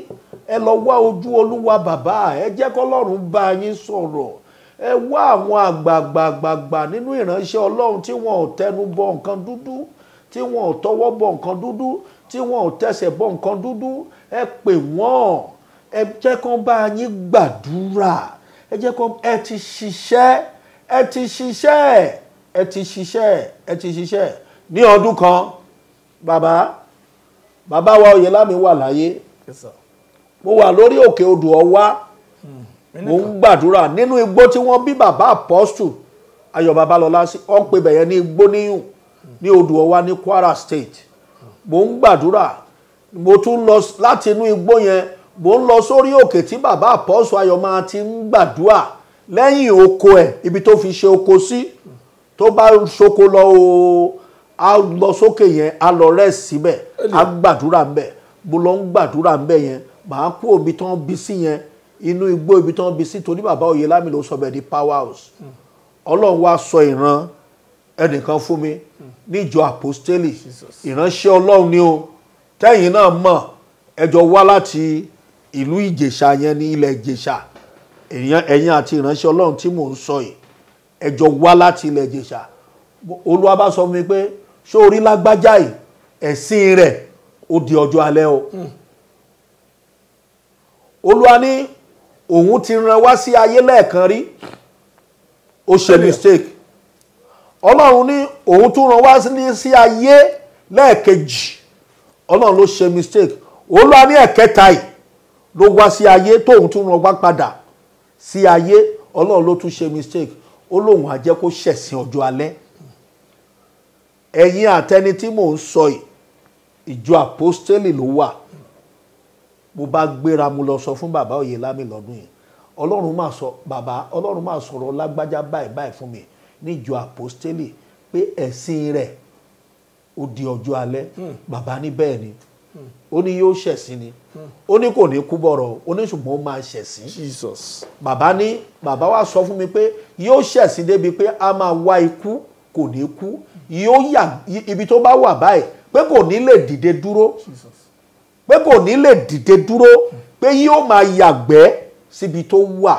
Speaker 1: ẹ lọ wá ojú olúwa bàbá ẹ jẹ́ kọ́lọ́run bá yín sọ̀rọ̀ ẹ wá àwọn àgbààgbààgbà nínú ìránṣẹ́ ọlọ́run tí wọn ò tẹnu bọ nǹkan dúdú tí wọn ò tọwọ́ bọ nǹkan dúdú tí wọn ò tẹsẹ̀ bọ nǹkan dúdú ẹ pè wọ́n ẹ jẹ́ kán bá yín gbàdúrà ẹ jẹ́ kán ẹ ti ṣiṣẹ́ ẹ ti ṣiṣẹ́ ẹ ti ṣiṣẹ́ ẹ ti ṣiṣẹ́ ní ọdún kan bàbá bàbá wa Oyèlámì wà láyé mo wà lórí òkè odò ọwá
Speaker 2: hmm,
Speaker 1: mo ń gbàdúrà nínú igbó tí wọ́n bí bàbá apostle ayọ̀ babalọ́lá sí ọ́n pe ní igbó níyùn ní odò ọwá ní Kwara State mo ń gbàdúrà mo tún lọ láti inú igbó yẹn mo ń lọ sórí òkè tí bàbá apostle ayọ̀ máa ti ń gbàdúrà lẹ́yìn oko ẹ̀ ibi tó fi ṣe oko sí tó bá ṣoko lọ ooo a lọ sókè yẹn a lọ rẹ̀ síbẹ̀ a gbàdúrà ń bẹ̀ mo lọ ń gbàdúrà ń bẹ̀ yẹn màá kú òbí tán bí sí yẹn inú igbó ibi tán bí sí torí bàbá Oyèlámì ló sọ bẹ́ẹ̀ di power house hmm. ọlọ́run wá sọ ìran ẹnìkan fún mi hmm. níjọ àpọ́stélì ìránṣẹ́ ọlọ́run ni o tẹ́yìn náà mọ̀ ẹjọ́ wá láti ìlú ìjèṣà yẹn ní ilẹ̀ ìjèṣà ẹ̀yin àti ìránṣẹ́ ọlọ́run tí mò ń sọ yìí ẹjọ́ wá láti ilẹ̀ ìjèṣà olúwa bá sọ fún mi pé ṣó orí lágbájá yìí ẹ̀sìn rẹ̀ ó di ọjọ́ alẹ́ o hmm. olúwa ní òun ti rán wá sí ayé lẹ́ẹ̀kan rí ó ṣe mistake ọlọ́run ní òun tún rán wá sí ayé lẹ́ẹ̀kejì ọlọ́run ló ṣe mistake olúwa ní ẹ̀kẹta yìí ló wá sí ayé tóun tún rán wá padà sí ayé ọlọ́run ló tún ṣe mistake ó lóun á kó ṣẹ̀sìn ọjọ́ alẹ́ ẹ̀yin àtẹni tí mò ń sọ yìí ìjọ àpọ́stélì ló wà mo bá gbéra mo lọ sọ fún bàbá Oyèlámì lọ́dún yìí ọlọ́run máa sọ bàbá ọlọ́run máa sọ̀rọ̀ lágbájá báyìí báyìí fún mi níjọ àpọ́stélì pé ẹ̀sìn rẹ̀ ó di ọjọ́ alẹ́ hmm. bàbá ní bẹ́ẹ̀ ni hmm. ó ní yóò ṣẹ̀sìn ni hmm. ó ní kò ní kú bọ̀rọ̀ ó ní ṣùgbọ́n ó máa ṣẹ̀sìn Jesus bàbá ní bàbá wa sọ fún mi pé yóò ṣẹ̀sìn débi pé a máa wá ikú kò ní kú yóò yà ibi tó bá wà báyìí pé kò ní lè dìde dúró pé kò ní lè dìde dúró pé yóò máa yàgbẹ́ síbi tó wà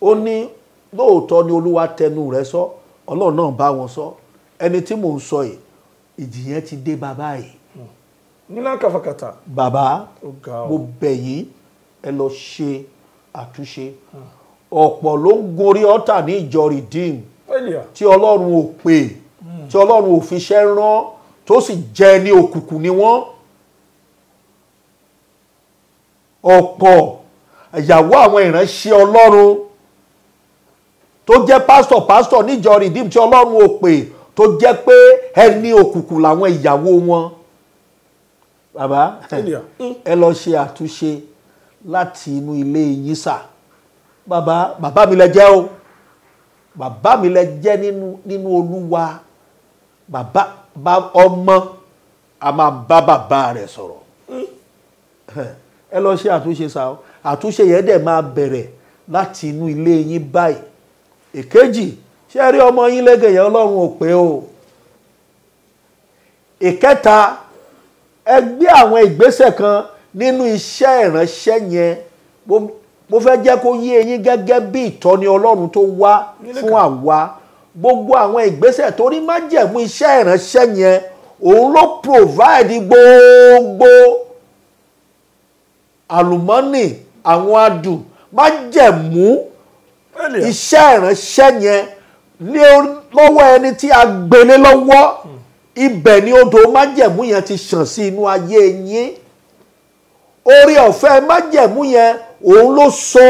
Speaker 1: ó ní lóòótọ́ ni olúwa tẹnu rẹ̀ sọ ọlọ́run náà bá wọn sọ ẹni tí mò ń sọ yìí ìjìyẹn ti dé bàbá yìí. Hmm. nílá kàfàkàtà. bàbá mo bẹ̀ yín ẹ lọ ṣe àtúnṣe hmm. ọ̀pọ̀ ló ń gorí ọ̀tà ní ìjọ rìdíìmù tí ọlọ́run ò pè é tí ọlọ́run ò fi iṣẹ́ rán tó sì jẹ́ ní òkùnkùn ni wọ́n ọ̀pọ̀ ìyàwó àwọn ìránṣẹ́ ọlọ́run tó jẹ́ pásítọ̀ pásítọ̀ níjọ rìdíìmù tí ọlọ́run ò pè tó jẹ́ pé ẹni òkùnkùn làwọn ìyàwó wọn bàbá ẹ lọ ṣe àtúnṣe láti inú ilé yín sà bàbá bàbá mi lẹ jẹ́ o bàbá mi lẹ jẹ́ nínú olúwa bàbá ọmọ a máa bá bàbá rẹ̀ sọ̀rọ̀ ẹ lọ ṣe àtúnṣe sa ọ àtúnṣe yẹn dẹ̀ máa bẹ̀rẹ̀ láti inú ilé yín báyìí èkejì ṣé ẹ rí ọmọ yín lẹ́gẹ̀ yẹn ọlọ́run ò pé o ìkẹta ẹ gbé àwọn ìgbésẹ̀ kan nínú iṣẹ́ ìránṣẹ́ yẹn mo fẹ́ jẹ́ kó yé yín gẹ́gẹ́ bí ìtọ́ni ọlọ́run tó wá fún àwa gbogbo àwọn ìgbésẹ̀ torí májẹ̀mú iṣẹ́ ìránṣẹ́ yẹn òun ló provide gbogbo àlùmọ́nì àwọn adùn májẹ̀mú iṣẹ́ ìránṣẹ́ yẹn lọ́wọ́ ẹni tí a gbélé lọ́wọ́ hmm. ibẹ̀ ni odò májẹ̀mú yẹn ti ṣàn sí inú ayé yín orí ọ̀fẹ́ májẹ̀mú yẹn òun ló sọ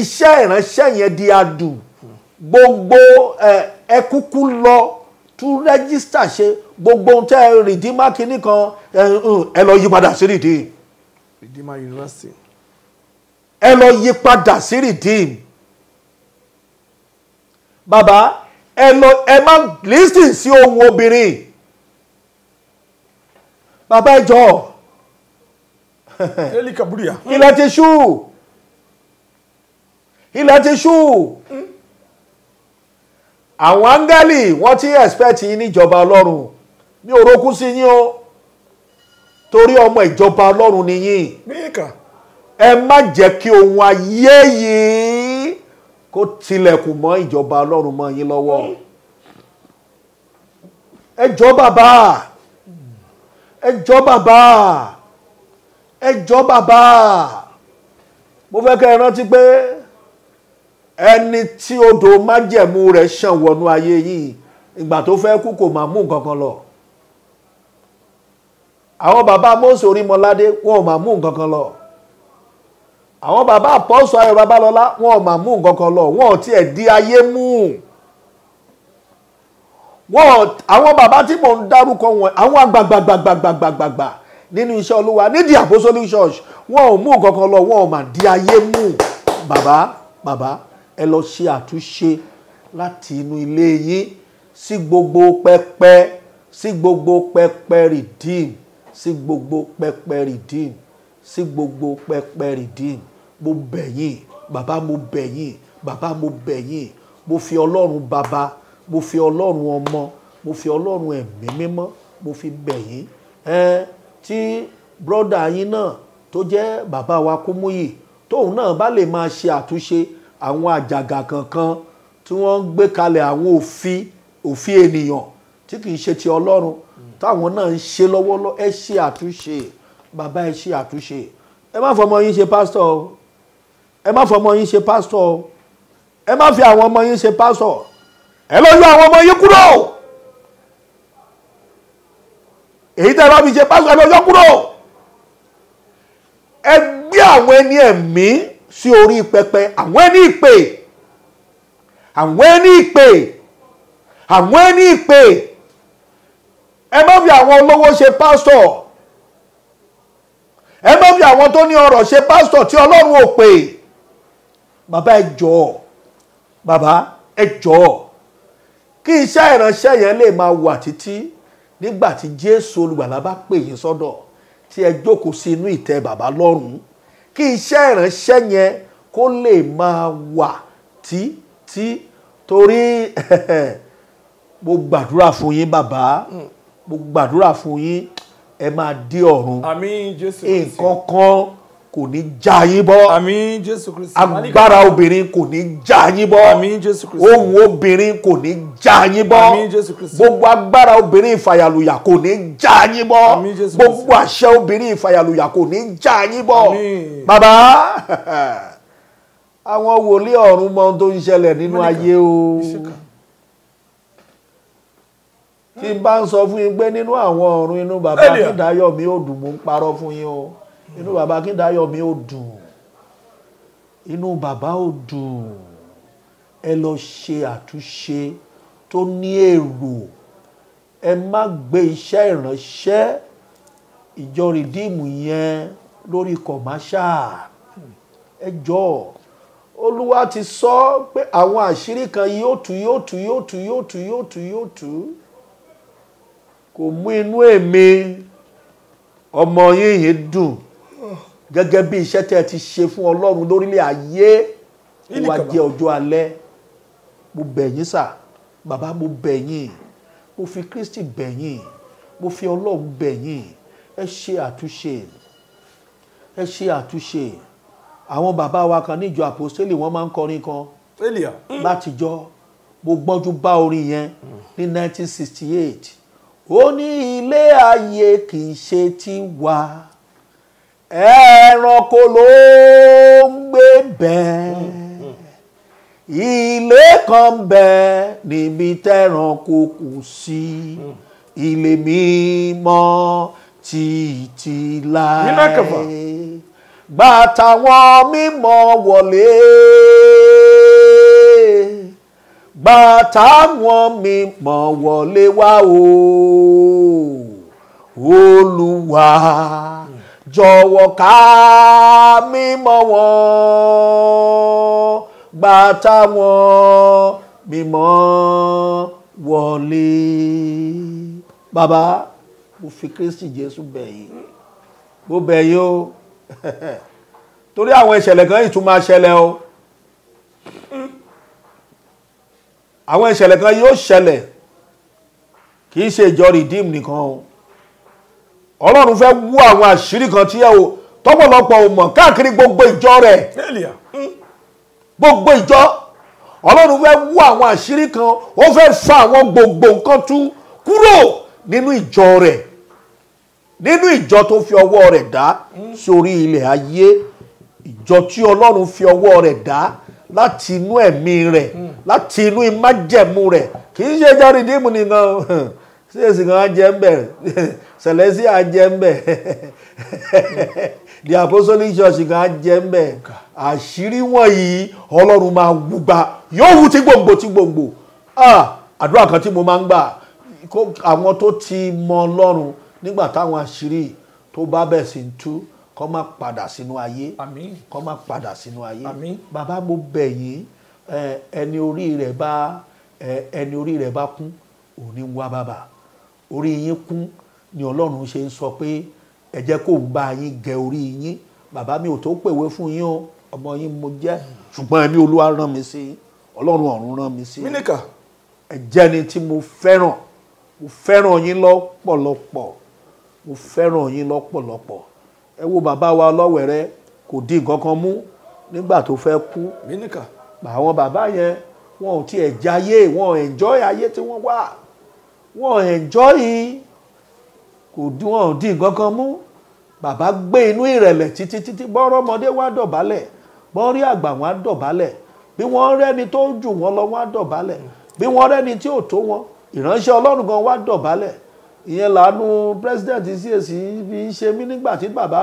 Speaker 1: iṣẹ́ ìránṣẹ́ yẹn di adùn hmm. gbogbo ẹ̀. Eh, ẹ kúkú lọ tún rẹ́gísítà ṣe gbogbo ohun tẹ́ ẹ rìdímà kínní kan ẹ lọ yí padà sí rìdíìm.
Speaker 2: rìdíìmà yunifásitì.
Speaker 1: ẹ lọ yí padà sí rìdíìm. bàbá ẹ lọ ẹ má lísìn sí ohun obìnrin. bàbá ẹ jọ. ilẹ̀ ti ṣú. ilẹ̀ ti ṣú. Mm àwọn áńgẹ́lì wọ́n ti expect yín níjọba ọlọ́run ní orókún sí yín o torí ọmọ ìjọba ọlọ́run ni yín ẹ má jẹ́ kí ohun ayé yìí kó tilẹ̀kùn mọ́ ìjọba ọlọ́run mọ́ yín lọ́wọ́ ẹ jọ bàbá ẹ jọ bàbá ẹ jọ bàbá mo fẹ́ kẹ́ ẹ rántí pé ẹni tí odò májẹ̀mú rẹ̀ ṣàn wọnú ayé yìí ìgbà tó fẹ́ kú kò máa mú nǹkan kan lọ àwọn bàbá mọ́sí orímọládé wọn ò máa mú nǹkan kan lọ àwọn bàbá àpọ́sọ ayọ̀ babalọ́lá wọn ò máa mú nǹkan kan lọ wọn ò tiẹ̀ di ayé mú wọn àwọn bàbá tí mò ń dárúkọ wọn àwọn àgbàgbàgbàgbàgbàgbà nínú iṣẹ́ olúwa nídìí àpòsólú church wọn ò mú nǹkan lọ wọn ò máa di ayé mú bàbá bàbá ẹ lọ ṣe àtúnṣe láti inú ilé yín sí gbogbo pẹpẹ sí gbogbo pẹpẹ redeem sí gbogbo pẹpẹ redeem sí gbogbo pẹpẹ redeem mo bẹ̀ yín bàbá mo bẹ̀ yín bàbá mo bẹ̀ yín mo fi ọlọ́run bàbá mo fi ọlọ́run ọmọ mo fi ọlọ́run ẹ̀mí mímọ́ mo fi bẹ̀ yín ẹn tí brọ́dà yín náà tó jẹ́ bàbá wa Kúmúyì tóun náà bá lè máa ṣe àtúnṣe àwọn àjàgà kankan tí wọ́n ń gbé kalẹ̀ àwọn òfin òfin ènìyàn tí kì í ṣe ti ọlọ́run táwọn náà ń ṣe lọ́wọ́lọ́ ẹ ṣe àtúnṣe bàbá ẹ ṣe àtúnṣe ẹ má fọmọ yín ṣe pásítọ̀ o ẹ má fọmọ yín ṣe pásítọ̀ o ẹ má fi àwọn ọmọ yín ṣe pásítọ̀ ẹ lọ yọ àwọn ọmọ yín kúrò èyí tẹ́ ẹ bá fi ṣe pásítọ̀ ẹ lọ yọ kúrò ẹ gbé àwọn ẹni ẹ̀mí sí orí pẹpẹ àwọn ẹni ìpè àwọn ẹni ìpè àwọn ẹni ìpè ẹ má fi àwọn olówó ṣe pásítọ̀ ẹ má fi àwọn tó ní ọrọ̀ ṣe pásítọ̀ tí ọlọ́run ò pè bàbá ẹ jọ̀ọ́ bàbá ẹ jọ̀ọ́ kí iṣẹ́ ìránṣẹ́ yẹn lè máa wà títí nígbà tí jésù olùgbàlà bá pè yín sọ́dọ̀ tí ẹ jókòó sí inú ìtẹ́ bàbá lọ́run kí iṣẹ́ ìránṣẹ́ yẹn kó lè máa wà tí tí torí <laughs> mo gbàdúrà fún yín bàbá hmm. mo gbàdúrà fún yín ẹ máa dé ọ̀run nǹkan kan kò ní já yín bọ́. àmín
Speaker 2: jésù kristu. agbára
Speaker 1: obìnrin kò ní já yín bọ́. àmín jésù kristu. ohùn obìnrin kò ní já yín bọ́. àmín jésù kristu. gbogbo agbára obìnrin ìfàyàlùyà kò ní já yín bọ́. àmín jésù kristu. gbogbo àṣẹ obìnrin ìfàyàlùyà kò ní já yín bọ́. àmín. bàbá <laughs> àwọn wòlíì ọ̀run mọ ohun tó ń ṣẹlẹ̀ nínú ayé o. tí n bá ń sọ fún yín pé nínú àwọn ọ̀run inú bàbá Akíndayọ̀mí Òdùmú ń parọ́ fún yín o inú bàbá Akíndayọ̀ mi ò dùn inú bàbá ò dùn ẹ lọ ṣe àtúnṣe tó ní èrò ẹ má gbé iṣẹ́ ìránṣẹ́ ìjọ rìdíìmù yẹn lórí kọ̀máṣá ẹ jọ̀ọ́ olúwa ti sọ pé àwọn àṣírí kan yóò tú yóò tú yóò tú yóò tú yóò tú yóò tú kò mú inú èmi ọmọ yín dùn gẹ́gẹ́ bí iṣẹ́ tẹ́ ẹ ti ṣe fún ọlọ́run lórílẹ̀ ayé wá jẹ́ ọjọ́ alẹ́ mo bẹ̀ yín sà bàbá mo bẹ̀ mo fi Kristi bẹ̀ yín mo fi ọlọ́run bẹ̀ yín ẹ ṣe àtúnṣe ẹ ṣe àtúnṣe àwọn bàbá wa kan níjọ àpòsílẹ̀ wọ́n máa ń kọrin kan
Speaker 2: mm.
Speaker 1: látijọ́ mo gbọ́njú bá orin yẹn ní 1968 ó ní ilé ayé kì í ṣe tiwa ẹranko ló ń gbé bẹ́ẹ̀ ilé kan bẹ́ẹ̀ níbi tẹ́ranko kù sí ilé mímọ́ títí láé gbà táwọn mímọ́ wọlé gbà mímọ́ wọlé wá o olúwa jọ̀wọ́ ká mímọ́ wọn gbà táwọn mímọ́ wọlé. bàbá mo fi kristi jésù bẹ̀ yín mo bẹ̀ yín o <laughs> torí àwọn ìṣẹ̀lẹ̀ kan yìí tún máa ṣẹlẹ̀ o àwọn ìṣẹ̀lẹ̀ kan yóò ṣẹlẹ̀ kì í ṣe ìjọ redeem nìkan o ọlọ́run fẹ́ wú àwọn àṣírí kan tí yẹ o tọ́pọ̀lọpọ̀ ò mọ̀ káàkiri gbogbo ìjọ rẹ̀ hmm. gbogbo ìjọ ọlọ́run fẹ́ wú àwọn àṣírí kan ó fẹ́ fa àwọn gbogbo nǹkan tú kúrò nínú ìjọ rẹ̀ nínú ìjọ tó fi ọwọ́ rẹ̀ dá sórí ilẹ̀ ayé ìjọ tí ọlọ́run fi ọwọ́ rẹ̀ dá láti inú ẹ̀mí rẹ̀ hmm. láti inú ìmájẹ̀mú rẹ̀ kì í ṣe jáde díìmù nìkan <laughs> ṣé èsì kan á jẹ́ ń bẹ̀rẹ̀ <laughs> Celestia Ajembe, the apostolic church kan jẹ́ ń bẹ̀ àṣírí wọ̀nyí ọlọ́run máa wùgbà yóò wù tí gbòǹgbò tí gbòǹgbò àdúrà kan tí mo máa ń gbà àwọn tó ti mọ ọlọ́run nígbà táwọn àṣírí tó bá bẹ̀ sí ń tú kọ́ máa padà sínú ayé kọ́ máa padà sínú ayé bàbá mo bẹ̀ yín ẹni orí rẹ̀ bá ẹni orí rẹ̀ bá kún òní wá bàbá orí yín kún ni ọlọ́run ṣe ń sọ pé ẹ jẹ́ kó ń bá yín gẹ orí yín bàbá mi ò tó pèwé fún yín o ọmọ yín mo jẹ́ ṣùgbọ́n ẹ̀mí olúwa rán mi sí ọlọ́run ọ̀run rán mi sí. míníkà. ẹ ni tí mo fẹ́ràn mo fẹ́ràn yín lọ́pọ̀lọpọ̀ mo fẹ́ràn yín lọ́pọ̀lọpọ̀ ẹ wo bàbá wa ọlọ́wẹ̀rẹ́ kò dín nǹkan kan mú nígbà tó fẹ́ kú. míníkà. àwọn bàbá yẹn wọn ò tiẹ̀ jáyé wọn ò enjoy ayé tí wọ́n wà wọn ò enjoy kò wọn ò dín nǹkan kan mú bàbá gbé inú ìrẹ̀lẹ̀ títí títí bọ́rọ̀ ọmọdé wá dọ̀bálẹ̀ bọ́rí àgbà wọn á dọ̀bálẹ̀ bí wọ́n rẹ́ni tó jù wọ́n lọ wọ́n á dọ̀bálẹ̀ bí wọ́n rẹ́ni tí ò tó wọn ìránṣẹ́ ọlọ́run gan wá dọ̀bálẹ̀ ìyẹn làánú president CAC fi ṣe mí nígbà tí bàbá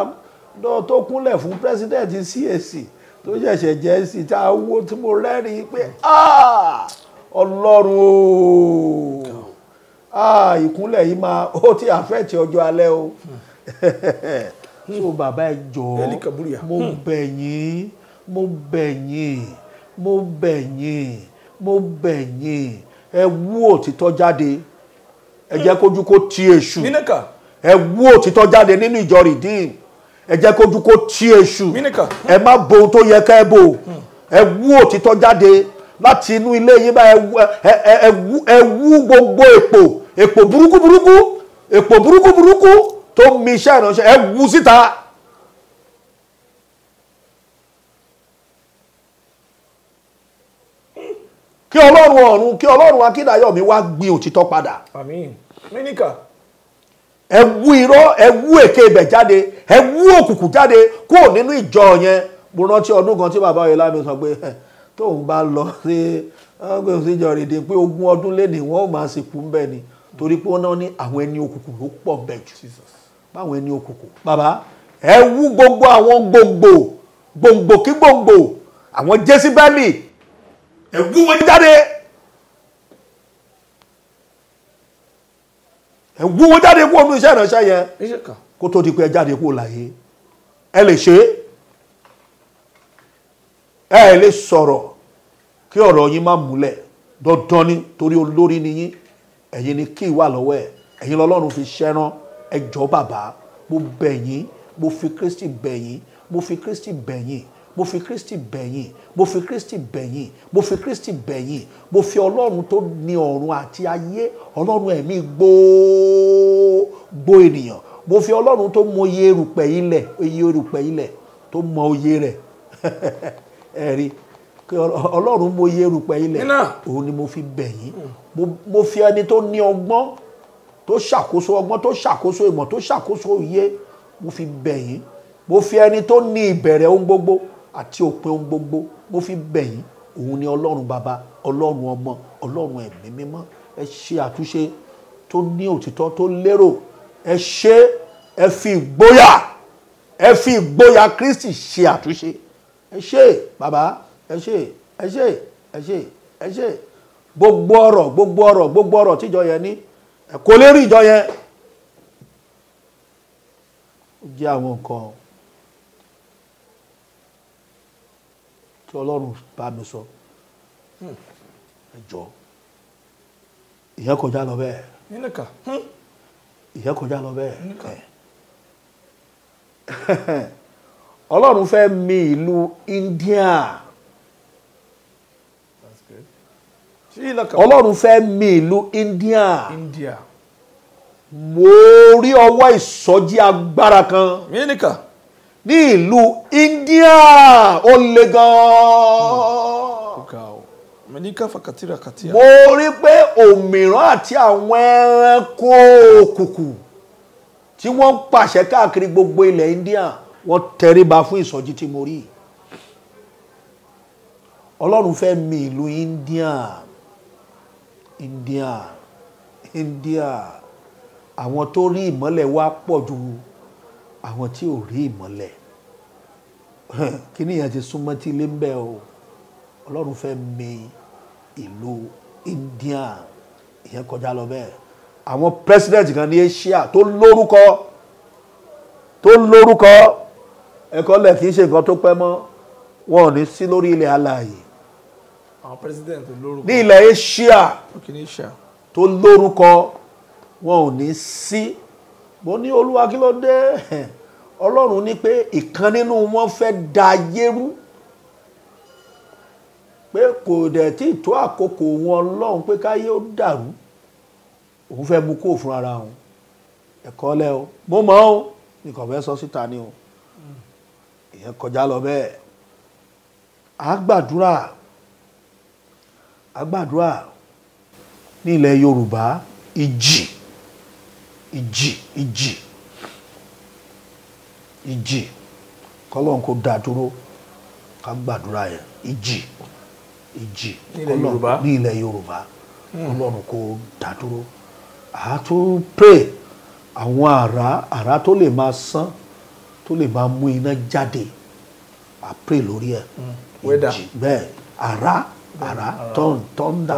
Speaker 1: tó kúnlẹ̀ fún president CAC tó ṣẹ̀ṣẹ̀ jẹ́ sí ta owó tí mo rẹ́rìn pé ah! ọlọ́run ooo. Ah, ìkúnlẹ̀ yìí máa <laughs> ó ti àfẹ́ẹ̀tì ọjọ́ alẹ́ o <laughs> so bàbá ẹ mo hmm. bẹ̀ yín mo bẹ̀ yín mo bẹ̀ yín mo bẹ̀ yín ẹ wú òtítọ́ jáde ẹ jẹ́ hmm. kójú kó ti èṣù ẹ wú òtítọ́ jáde nínú ìjọ rìdíìn ẹ jẹ́ kójú kó ti èṣù ẹ má bo ohun tó yẹ gbogbo èpò. epo burúkú burúkú èpò burúkú burúkú tó mi iṣẹ́ ìránṣẹ́ ẹ wú síta. kí ọlọ́run ọ̀run kí ọlọ́run akíndayọ̀mí wá gbé òtítọ́ padà. ẹ wú irọ́ ẹ wú èké ibẹ̀ jáde ẹ wú òkùnkùn jáde kúrò nínú ìjọ yẹn mo rántí ọdún kan tí bàbá sọ pé tóun bá lọ sí ọgbẹ́ òsínjọ rèdè pé ogún ọdún lé ní wọ́n máa sìnkú ni torí pé wọ́n ní àwọn ẹni òkùnkùn ló pọ̀ bẹ̀ jù báwọn ẹni òkùnkùn. bàbá ẹ wú gbogbo àwọn gbòǹgbò gbòǹgbò kí gbòǹgbò àwọn jésìbẹ́lì ẹ wú wọn jáde ẹ wú wọn jáde kúrò ní iṣẹ́ ìránṣẹ́ yẹn kó tó di pé ẹ jáde kúrò láyé ẹ lè ṣe é ẹ lè sọ̀rọ̀ kí ọ̀rọ̀ yín má múlẹ̀ dandan ni torí olórí ni yín ẹ̀yin ni kí wà lọ́wọ́ ẹ̀ ẹ̀yin lọ́lọ́run fi ṣẹ́ran ẹ jọ̀ọ́ bàbá mo bẹ̀ yín mo fi Kristi bẹ̀ yín mo fi Kristi bẹ̀ yín mo fi Kristi bẹ̀ yín mo fi Kristi bẹ̀ yín mo fi Kristi bẹ̀ yín mo fi ọlọ́run tó ní ọ̀run àti ayé ọlọ́run ẹ̀mí gbogbo ènìyàn mo fi ọlọ́run tó mọ iye erùpẹ̀ ilẹ̀ iye erùpẹ̀ ilẹ̀ tó mọ iye rẹ̀ <laughs> ẹ̀rí pé ọlọ́run mo yẹ erùpẹ̀ ilẹ̀ òun ni mo fi bẹ̀ yín hmm. mo fi ẹni tó ní ọgbọ́n tó ṣàkóso ọgbọ́n tó ṣàkóso ìmọ̀ tó ṣàkóso òye mo fi bẹ̀ yín mo fi ẹni tó ní ìbẹ̀rẹ̀ ohun gbogbo àti òpin ohun gbogbo mo fi bẹ̀ yín òun ni ọlọ́run bàbá ọlọ́run ọmọ ọlọ́run ẹ̀mí mímọ́ ẹ ṣe àtúnṣe tó ní òtítọ́ tó lérò ẹ ṣe ẹ fi ìgboyà ẹ fi ìgboyà Kristi ṣe àtúnṣe ẹ ṣe bàbá ẹ ṣe ẹ ṣe ẹ ṣe ẹ ṣe gbogbo ọ̀rọ̀ gbogbo ọ̀rọ̀ gbogbo ọ̀rọ̀ tíjọ yẹn ní ẹ kò lè rí ìjọ yẹn ó jẹ́ àwọn nǹkan tí Ọlọ́run bá mi sọ
Speaker 2: hmm, ẹ jọ
Speaker 1: ìyẹn kọjá lọ bẹ́ẹ̀ ìyẹn hmm. kọjá lọ bẹ́ẹ̀ <laughs> Ọlọ́run fẹ́ mi ìlú India. ọlọ́run fẹ́ mi ìlú India. India. mo rí ọwọ́ ìsọjí agbára kan. ní ìlú India ó le gan-an. mílíkà fàkàtìrà kàtìrà. mo rí pé òmìrán àti àwọn ẹranko òkùnkùn tí wọ́n ń pàṣẹ káàkiri gbogbo ilẹ̀ India wọ́n tẹríba fún ìsọjí tí mo rí ọlọ́run fẹ́ mi ìlú India. India India àwọn tó rí ìmọ́lẹ̀ wá pọ̀ ju àwọn tí ò rí ìmọ́lẹ̀ <laughs> kí nìyẹn ti súnmọ́ tí ilé ń bẹ̀ o ọlọ́run fẹ́ mi ìlú India ìyẹn kọjá lọ bẹ́ẹ̀ àwọn president kan ní Asia tó lórúkọ tó lórúkọ ẹ̀kọ́ lẹ̀ kì í ṣe nǹkan tó pẹ́ mọ́ wọn ò ní sí lórí ilẹ̀ alààyè
Speaker 2: àwọn president lórúkọ ní ilẹ̀
Speaker 1: Asia tó lórúkọ wọn ò ní sí mo ní olúwa kí ló dé <laughs> ọlọ́run ní pé ìkan nínú wọn fẹ́ da yérú pé kò dẹ̀ tí tó àkókò wọn ọlọ́run pé káyé ó dàrú òun fẹ́ mú kó fún ara òun ẹ̀kọ́ lẹ o mo mọ̀ ọ́ nìkan fẹ́ sọ síta ni o hmm. ìyẹn kọjá lọ bẹ́ẹ̀ àá agbàdúrà ní ilẹ̀ yorùbá ìjì ìjì ìjì ìjì kọ́lọ́n kò dá dúró ká gbàdúrà yẹn ìjì
Speaker 2: ìjì kọ́lọ́n ní ilẹ̀ yorùbá hmm.
Speaker 1: kọ́lọ́n kò dá dúró àá tó pray àwọn àrá àrá tó lè máa sán tó lè máa mú iná jáde à lórí ẹ̀
Speaker 2: hmm. ìjì bẹ́ẹ̀
Speaker 1: àrá ara tọ́n tọ́ndà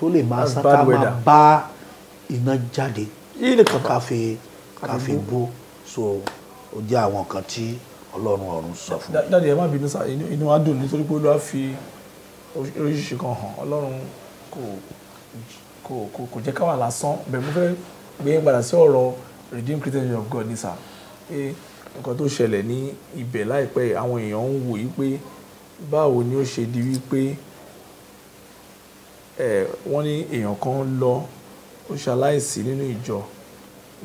Speaker 1: tó lè máa sá ká máa bá iná jáde káfí káfí bó so ó jẹ́ àwọn kan tí ọlọ́run ọ̀run
Speaker 2: sọ fún mi. dáadé ẹ má bínú sá inú wa dùn nítorí pé olúwa fi oríṣiríṣi kan hàn ọlọ́run kò kò kò kò jẹ́ káwa lásán bẹ́ẹ̀ mo fẹ́ gbé yẹn padà sí ọ̀rọ̀ redeemed christian of god ní sá pé nǹkan tó ṣẹlẹ̀ ní ibẹ̀ láìpẹ́ àwọn èèyàn ń wò pé báwo ni ó ṣe di wípé ẹ wọ́n ní èèyàn kan lọ ó ṣaláìsí nínú ìjọ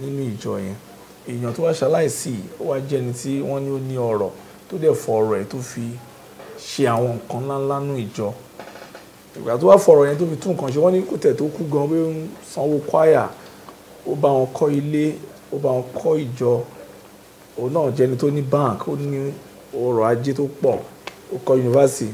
Speaker 2: nínú ìjọ yẹn èèyàn tó wá ṣaláìsí ó wá jẹ́ ẹni tí wọ́n ní ó ní ọrọ̀ tó dẹ̀ fọ ọrọ̀ ẹ̀ tó fi ṣe àwọn nǹkan ńláńlá nínú ìjọ ìgbà tó wá fọ̀rọ̀ yẹn tó fi tún nǹkan ṣe wọ́n ní kò tẹ̀ tó kú gan pé ń sanwó kwaya ó bá wọn kọ́ ilé ó bá wọn kọ́ ìjọ òun náà jẹ́ni tó ní bank ó ní ọrọ̀ ajé tó pọ̀ ó kọ́ yunifásitì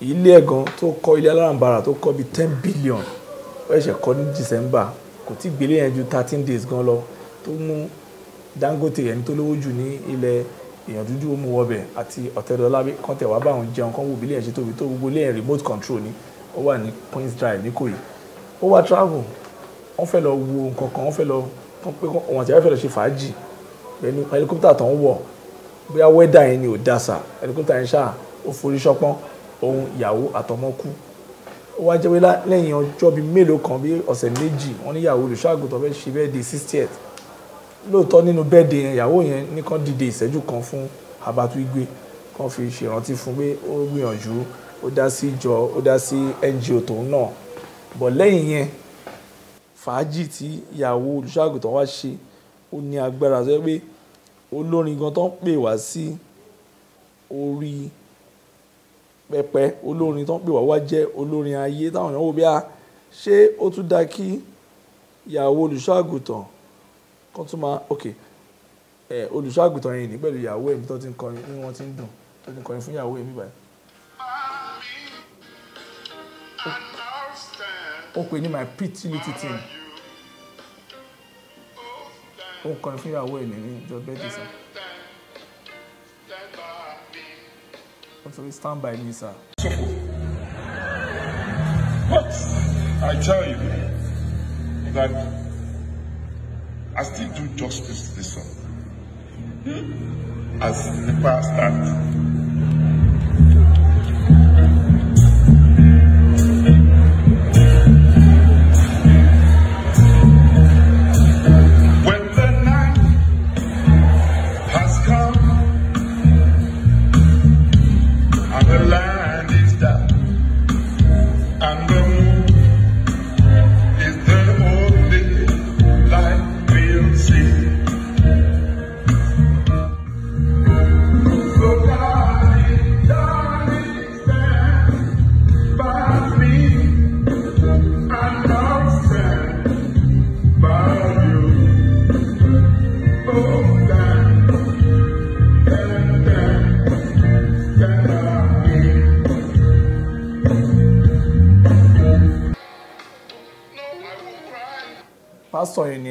Speaker 2: ilé ẹ̀gàn tó kọ́ ilé alárànbarà tó kọ́ bíi ten billion ó ṣẹ̀ṣẹ̀ kọ́ ní december kò tí gbélé yẹn ju thirteen days gan lọ tó mú dangote ẹni tó lówó jù ní ilẹ̀ èèyàn dúdú ó mú wọbẹ̀ àti ọ̀tẹ̀dọ́lá kan tẹ̀ wá báwọn jẹun kan wò bí lẹ́yìn tóbi tó gbogbo lẹ́yìn remote control ni ó wà ní Queens Drive nìkòyí ó wá travel wọ́n fẹ́ lọ wo nǹkan kan wọ́n fẹ́ lọ wọ́n pé wọ́n ti fẹ́ lọ ṣe fàájì pẹ̀lú helicopter tó ń wọ̀ bóyá wẹ́dà yẹn ni ò dá sà helicopter yẹn ṣáà ó forí ṣọpọ́n òun ìyàwó àtọmọ kú ó wá jẹ́ pé lẹ́yìn ọjọ́ bíi mélòó kan bíi ọ̀sẹ̀ méjì wọ́n ní ìyàwó olùṣọ́àgùntàn fẹ́ ṣe bẹ́ẹ̀ di sixtieth lóòótọ́ nínú bẹ́ẹ̀dẹ̀ ìyàwó yẹn nìkan dìde ìṣẹ́jú kan fún Habatu Igwe kan fi ṣèrántí fún pé ó gbìyànjú ó dá sí ìjọ ó dá sí NGO tòun náà bọ̀ lẹ́yìn yẹn fàájì tí ìyàwó olùṣọ́àgùntàn wá ṣe ó ní agbára sọ pé olórin gan tó ń pè wá sí orí pẹpẹ olórin tó ń pè wá wá jẹ́ olórin ayé táwọn èèyàn wò bí a ṣé ó tún dáa kí ìyàwó olùṣọ́ àgùntàn tún máa ok ẹ olùṣọ́ yẹn ní pẹ̀lú ìyàwó ẹ̀mí tó ti ń kọrin ní wọ́n ti ń dùn tó ti ń kọrin fún ìyàwó ẹ̀mí báyìí. ó pè ní my pity little thing ó ń kọrin fún ìyàwó ẹ̀mí ní ìjọ bẹ́ẹ̀ So stand by me, sir. But I tell you that I still do justice to this one. As the past stands.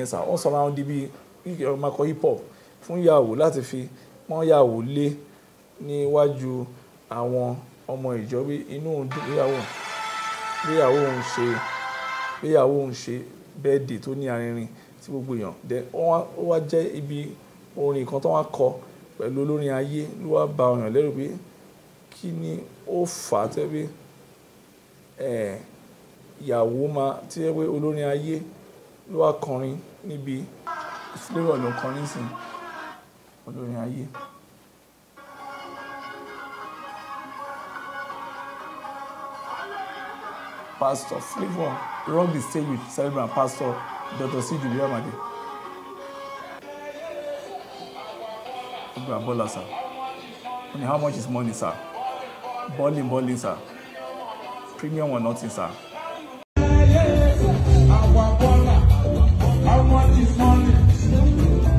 Speaker 2: things and wọ́n sọ̀rọ̀ àwọn dibi ọmọkọ hip hop fún yahoo láti fi pọ́n yahoo lé níwájú àwọn ọmọ ìjọ bí inú ìgbéyàwó ìgbéyàwó ń ṣe ìgbéyàwó ń ṣe bẹ́ẹ̀dì tó ní arìnrìn tí gbogbo èèyàn dẹ ó wá jẹ́ ibi orin kan tó wá kọ pẹ̀lú olórin ayé ló wá ba ọ̀yàn lẹ́rù pé kí ni ó fà á tẹ́ pé ìyàwó máa tí olórin ayé ló wá kọrin níbi flavour ló ń kọ nísìn olórin ayé. pastor flavour run the stage with celebrant pastor dr cd biamade. Ogba Bola sir. Only how much is money sir? Bowling, bowling sir. Premium or nothing sir.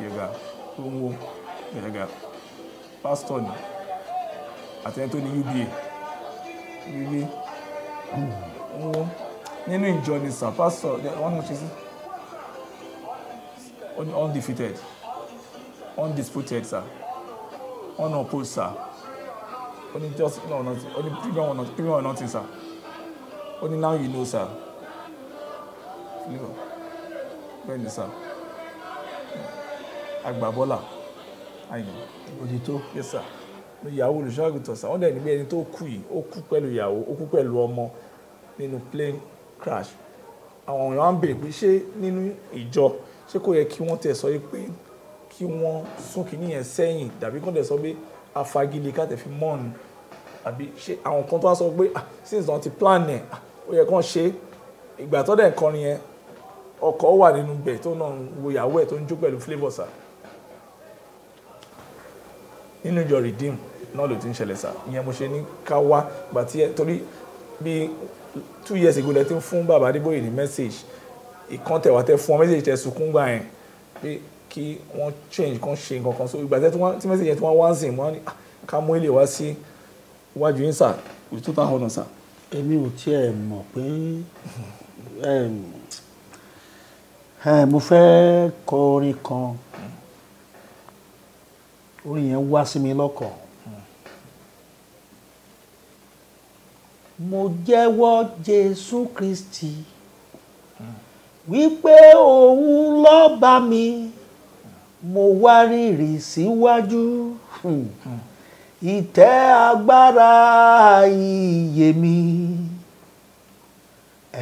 Speaker 2: ìrà tó ń wo ìrà pásítọ̀ ni àtẹni tó ní uba rírí wọn nínú ìjọ ni sir pásítọ̀ wọn mú ṣe sí undefeated undisputed sir unopposed sir only just no nothing only premium or nothing premium or nothing sir only now you know sir bẹ́ẹ̀ ni sir agbábọ́là ayọ̀ òjìtó yes sir ìyàwó olùṣọ́àgùtàn sà wọ́n dẹ̀ níbi ẹni tó kú yìí ó kú pẹ̀lú ìyàwó ó kú pẹ̀lú ọmọ nínú plane crash àwọn èèyàn á ń bèrè pé ṣé nínú ìjọ ṣé kò yẹ kí wọ́n tẹ̀ sọ pé kí wọ́n sún kínní yẹn sẹ́yìn dàbí kó tẹ̀ sọ pé afagilé káàtẹ̀ fi mọ́ọ̀nù àbí ṣé àwọn kan tó wá sọ pé ah, since don ti plan ẹ̀ ah, ó yẹ kán ṣe ìgbà tó dẹ̀ kọrin yẹn ọkọ̀ wà nínú bẹ̀ tó náà wo ìyàwó ẹ̀ tó ń jó pẹ̀lú flavour sir nínú ìjọ redeem náà ló ti ń ṣẹlẹ̀ sá ìyẹn mo ṣe ní ká wá gbà tí ẹ torí bí two years ago lẹ ti ń fún bàbá Adébóyè ní message ìkan tẹ̀wá tẹ fún ọ message tẹ sunkún gbà yẹn pé kí wọ́n change kan ṣe nǹkan kan so ìgbà tí message yẹn tí wọ́n wá ń sìn wọ́n ní ah, ká mú ilé wá sí iwájú yín sá with total honour sá. èmi ò tiẹ̀ mọ̀ pé mo fẹ́ kọ
Speaker 1: kan orin yẹn wá sí mi lọ́kàn. mo jẹ́wọ́ Jésù Kristi wípé òun lọ́ba mi mo wá rìrì síwájú ìtẹ́ agbára ìyè mi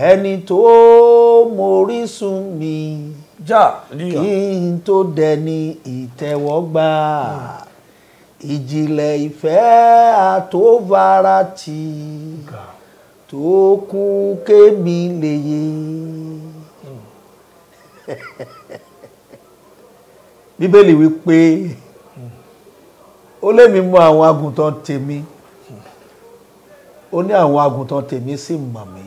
Speaker 1: ẹni tó mórísun mi kí n tó dẹni ìtẹ́wọ́gbà ìjìnlẹ̀ ìfẹ́ àtòvaratì tó kú kémi lèye. <laughs> bíbélì wí pé ó lé mi mọ àwọn àgùntàn tèmi ó ní àwọn àgùntàn tèmi sì mọ̀ mí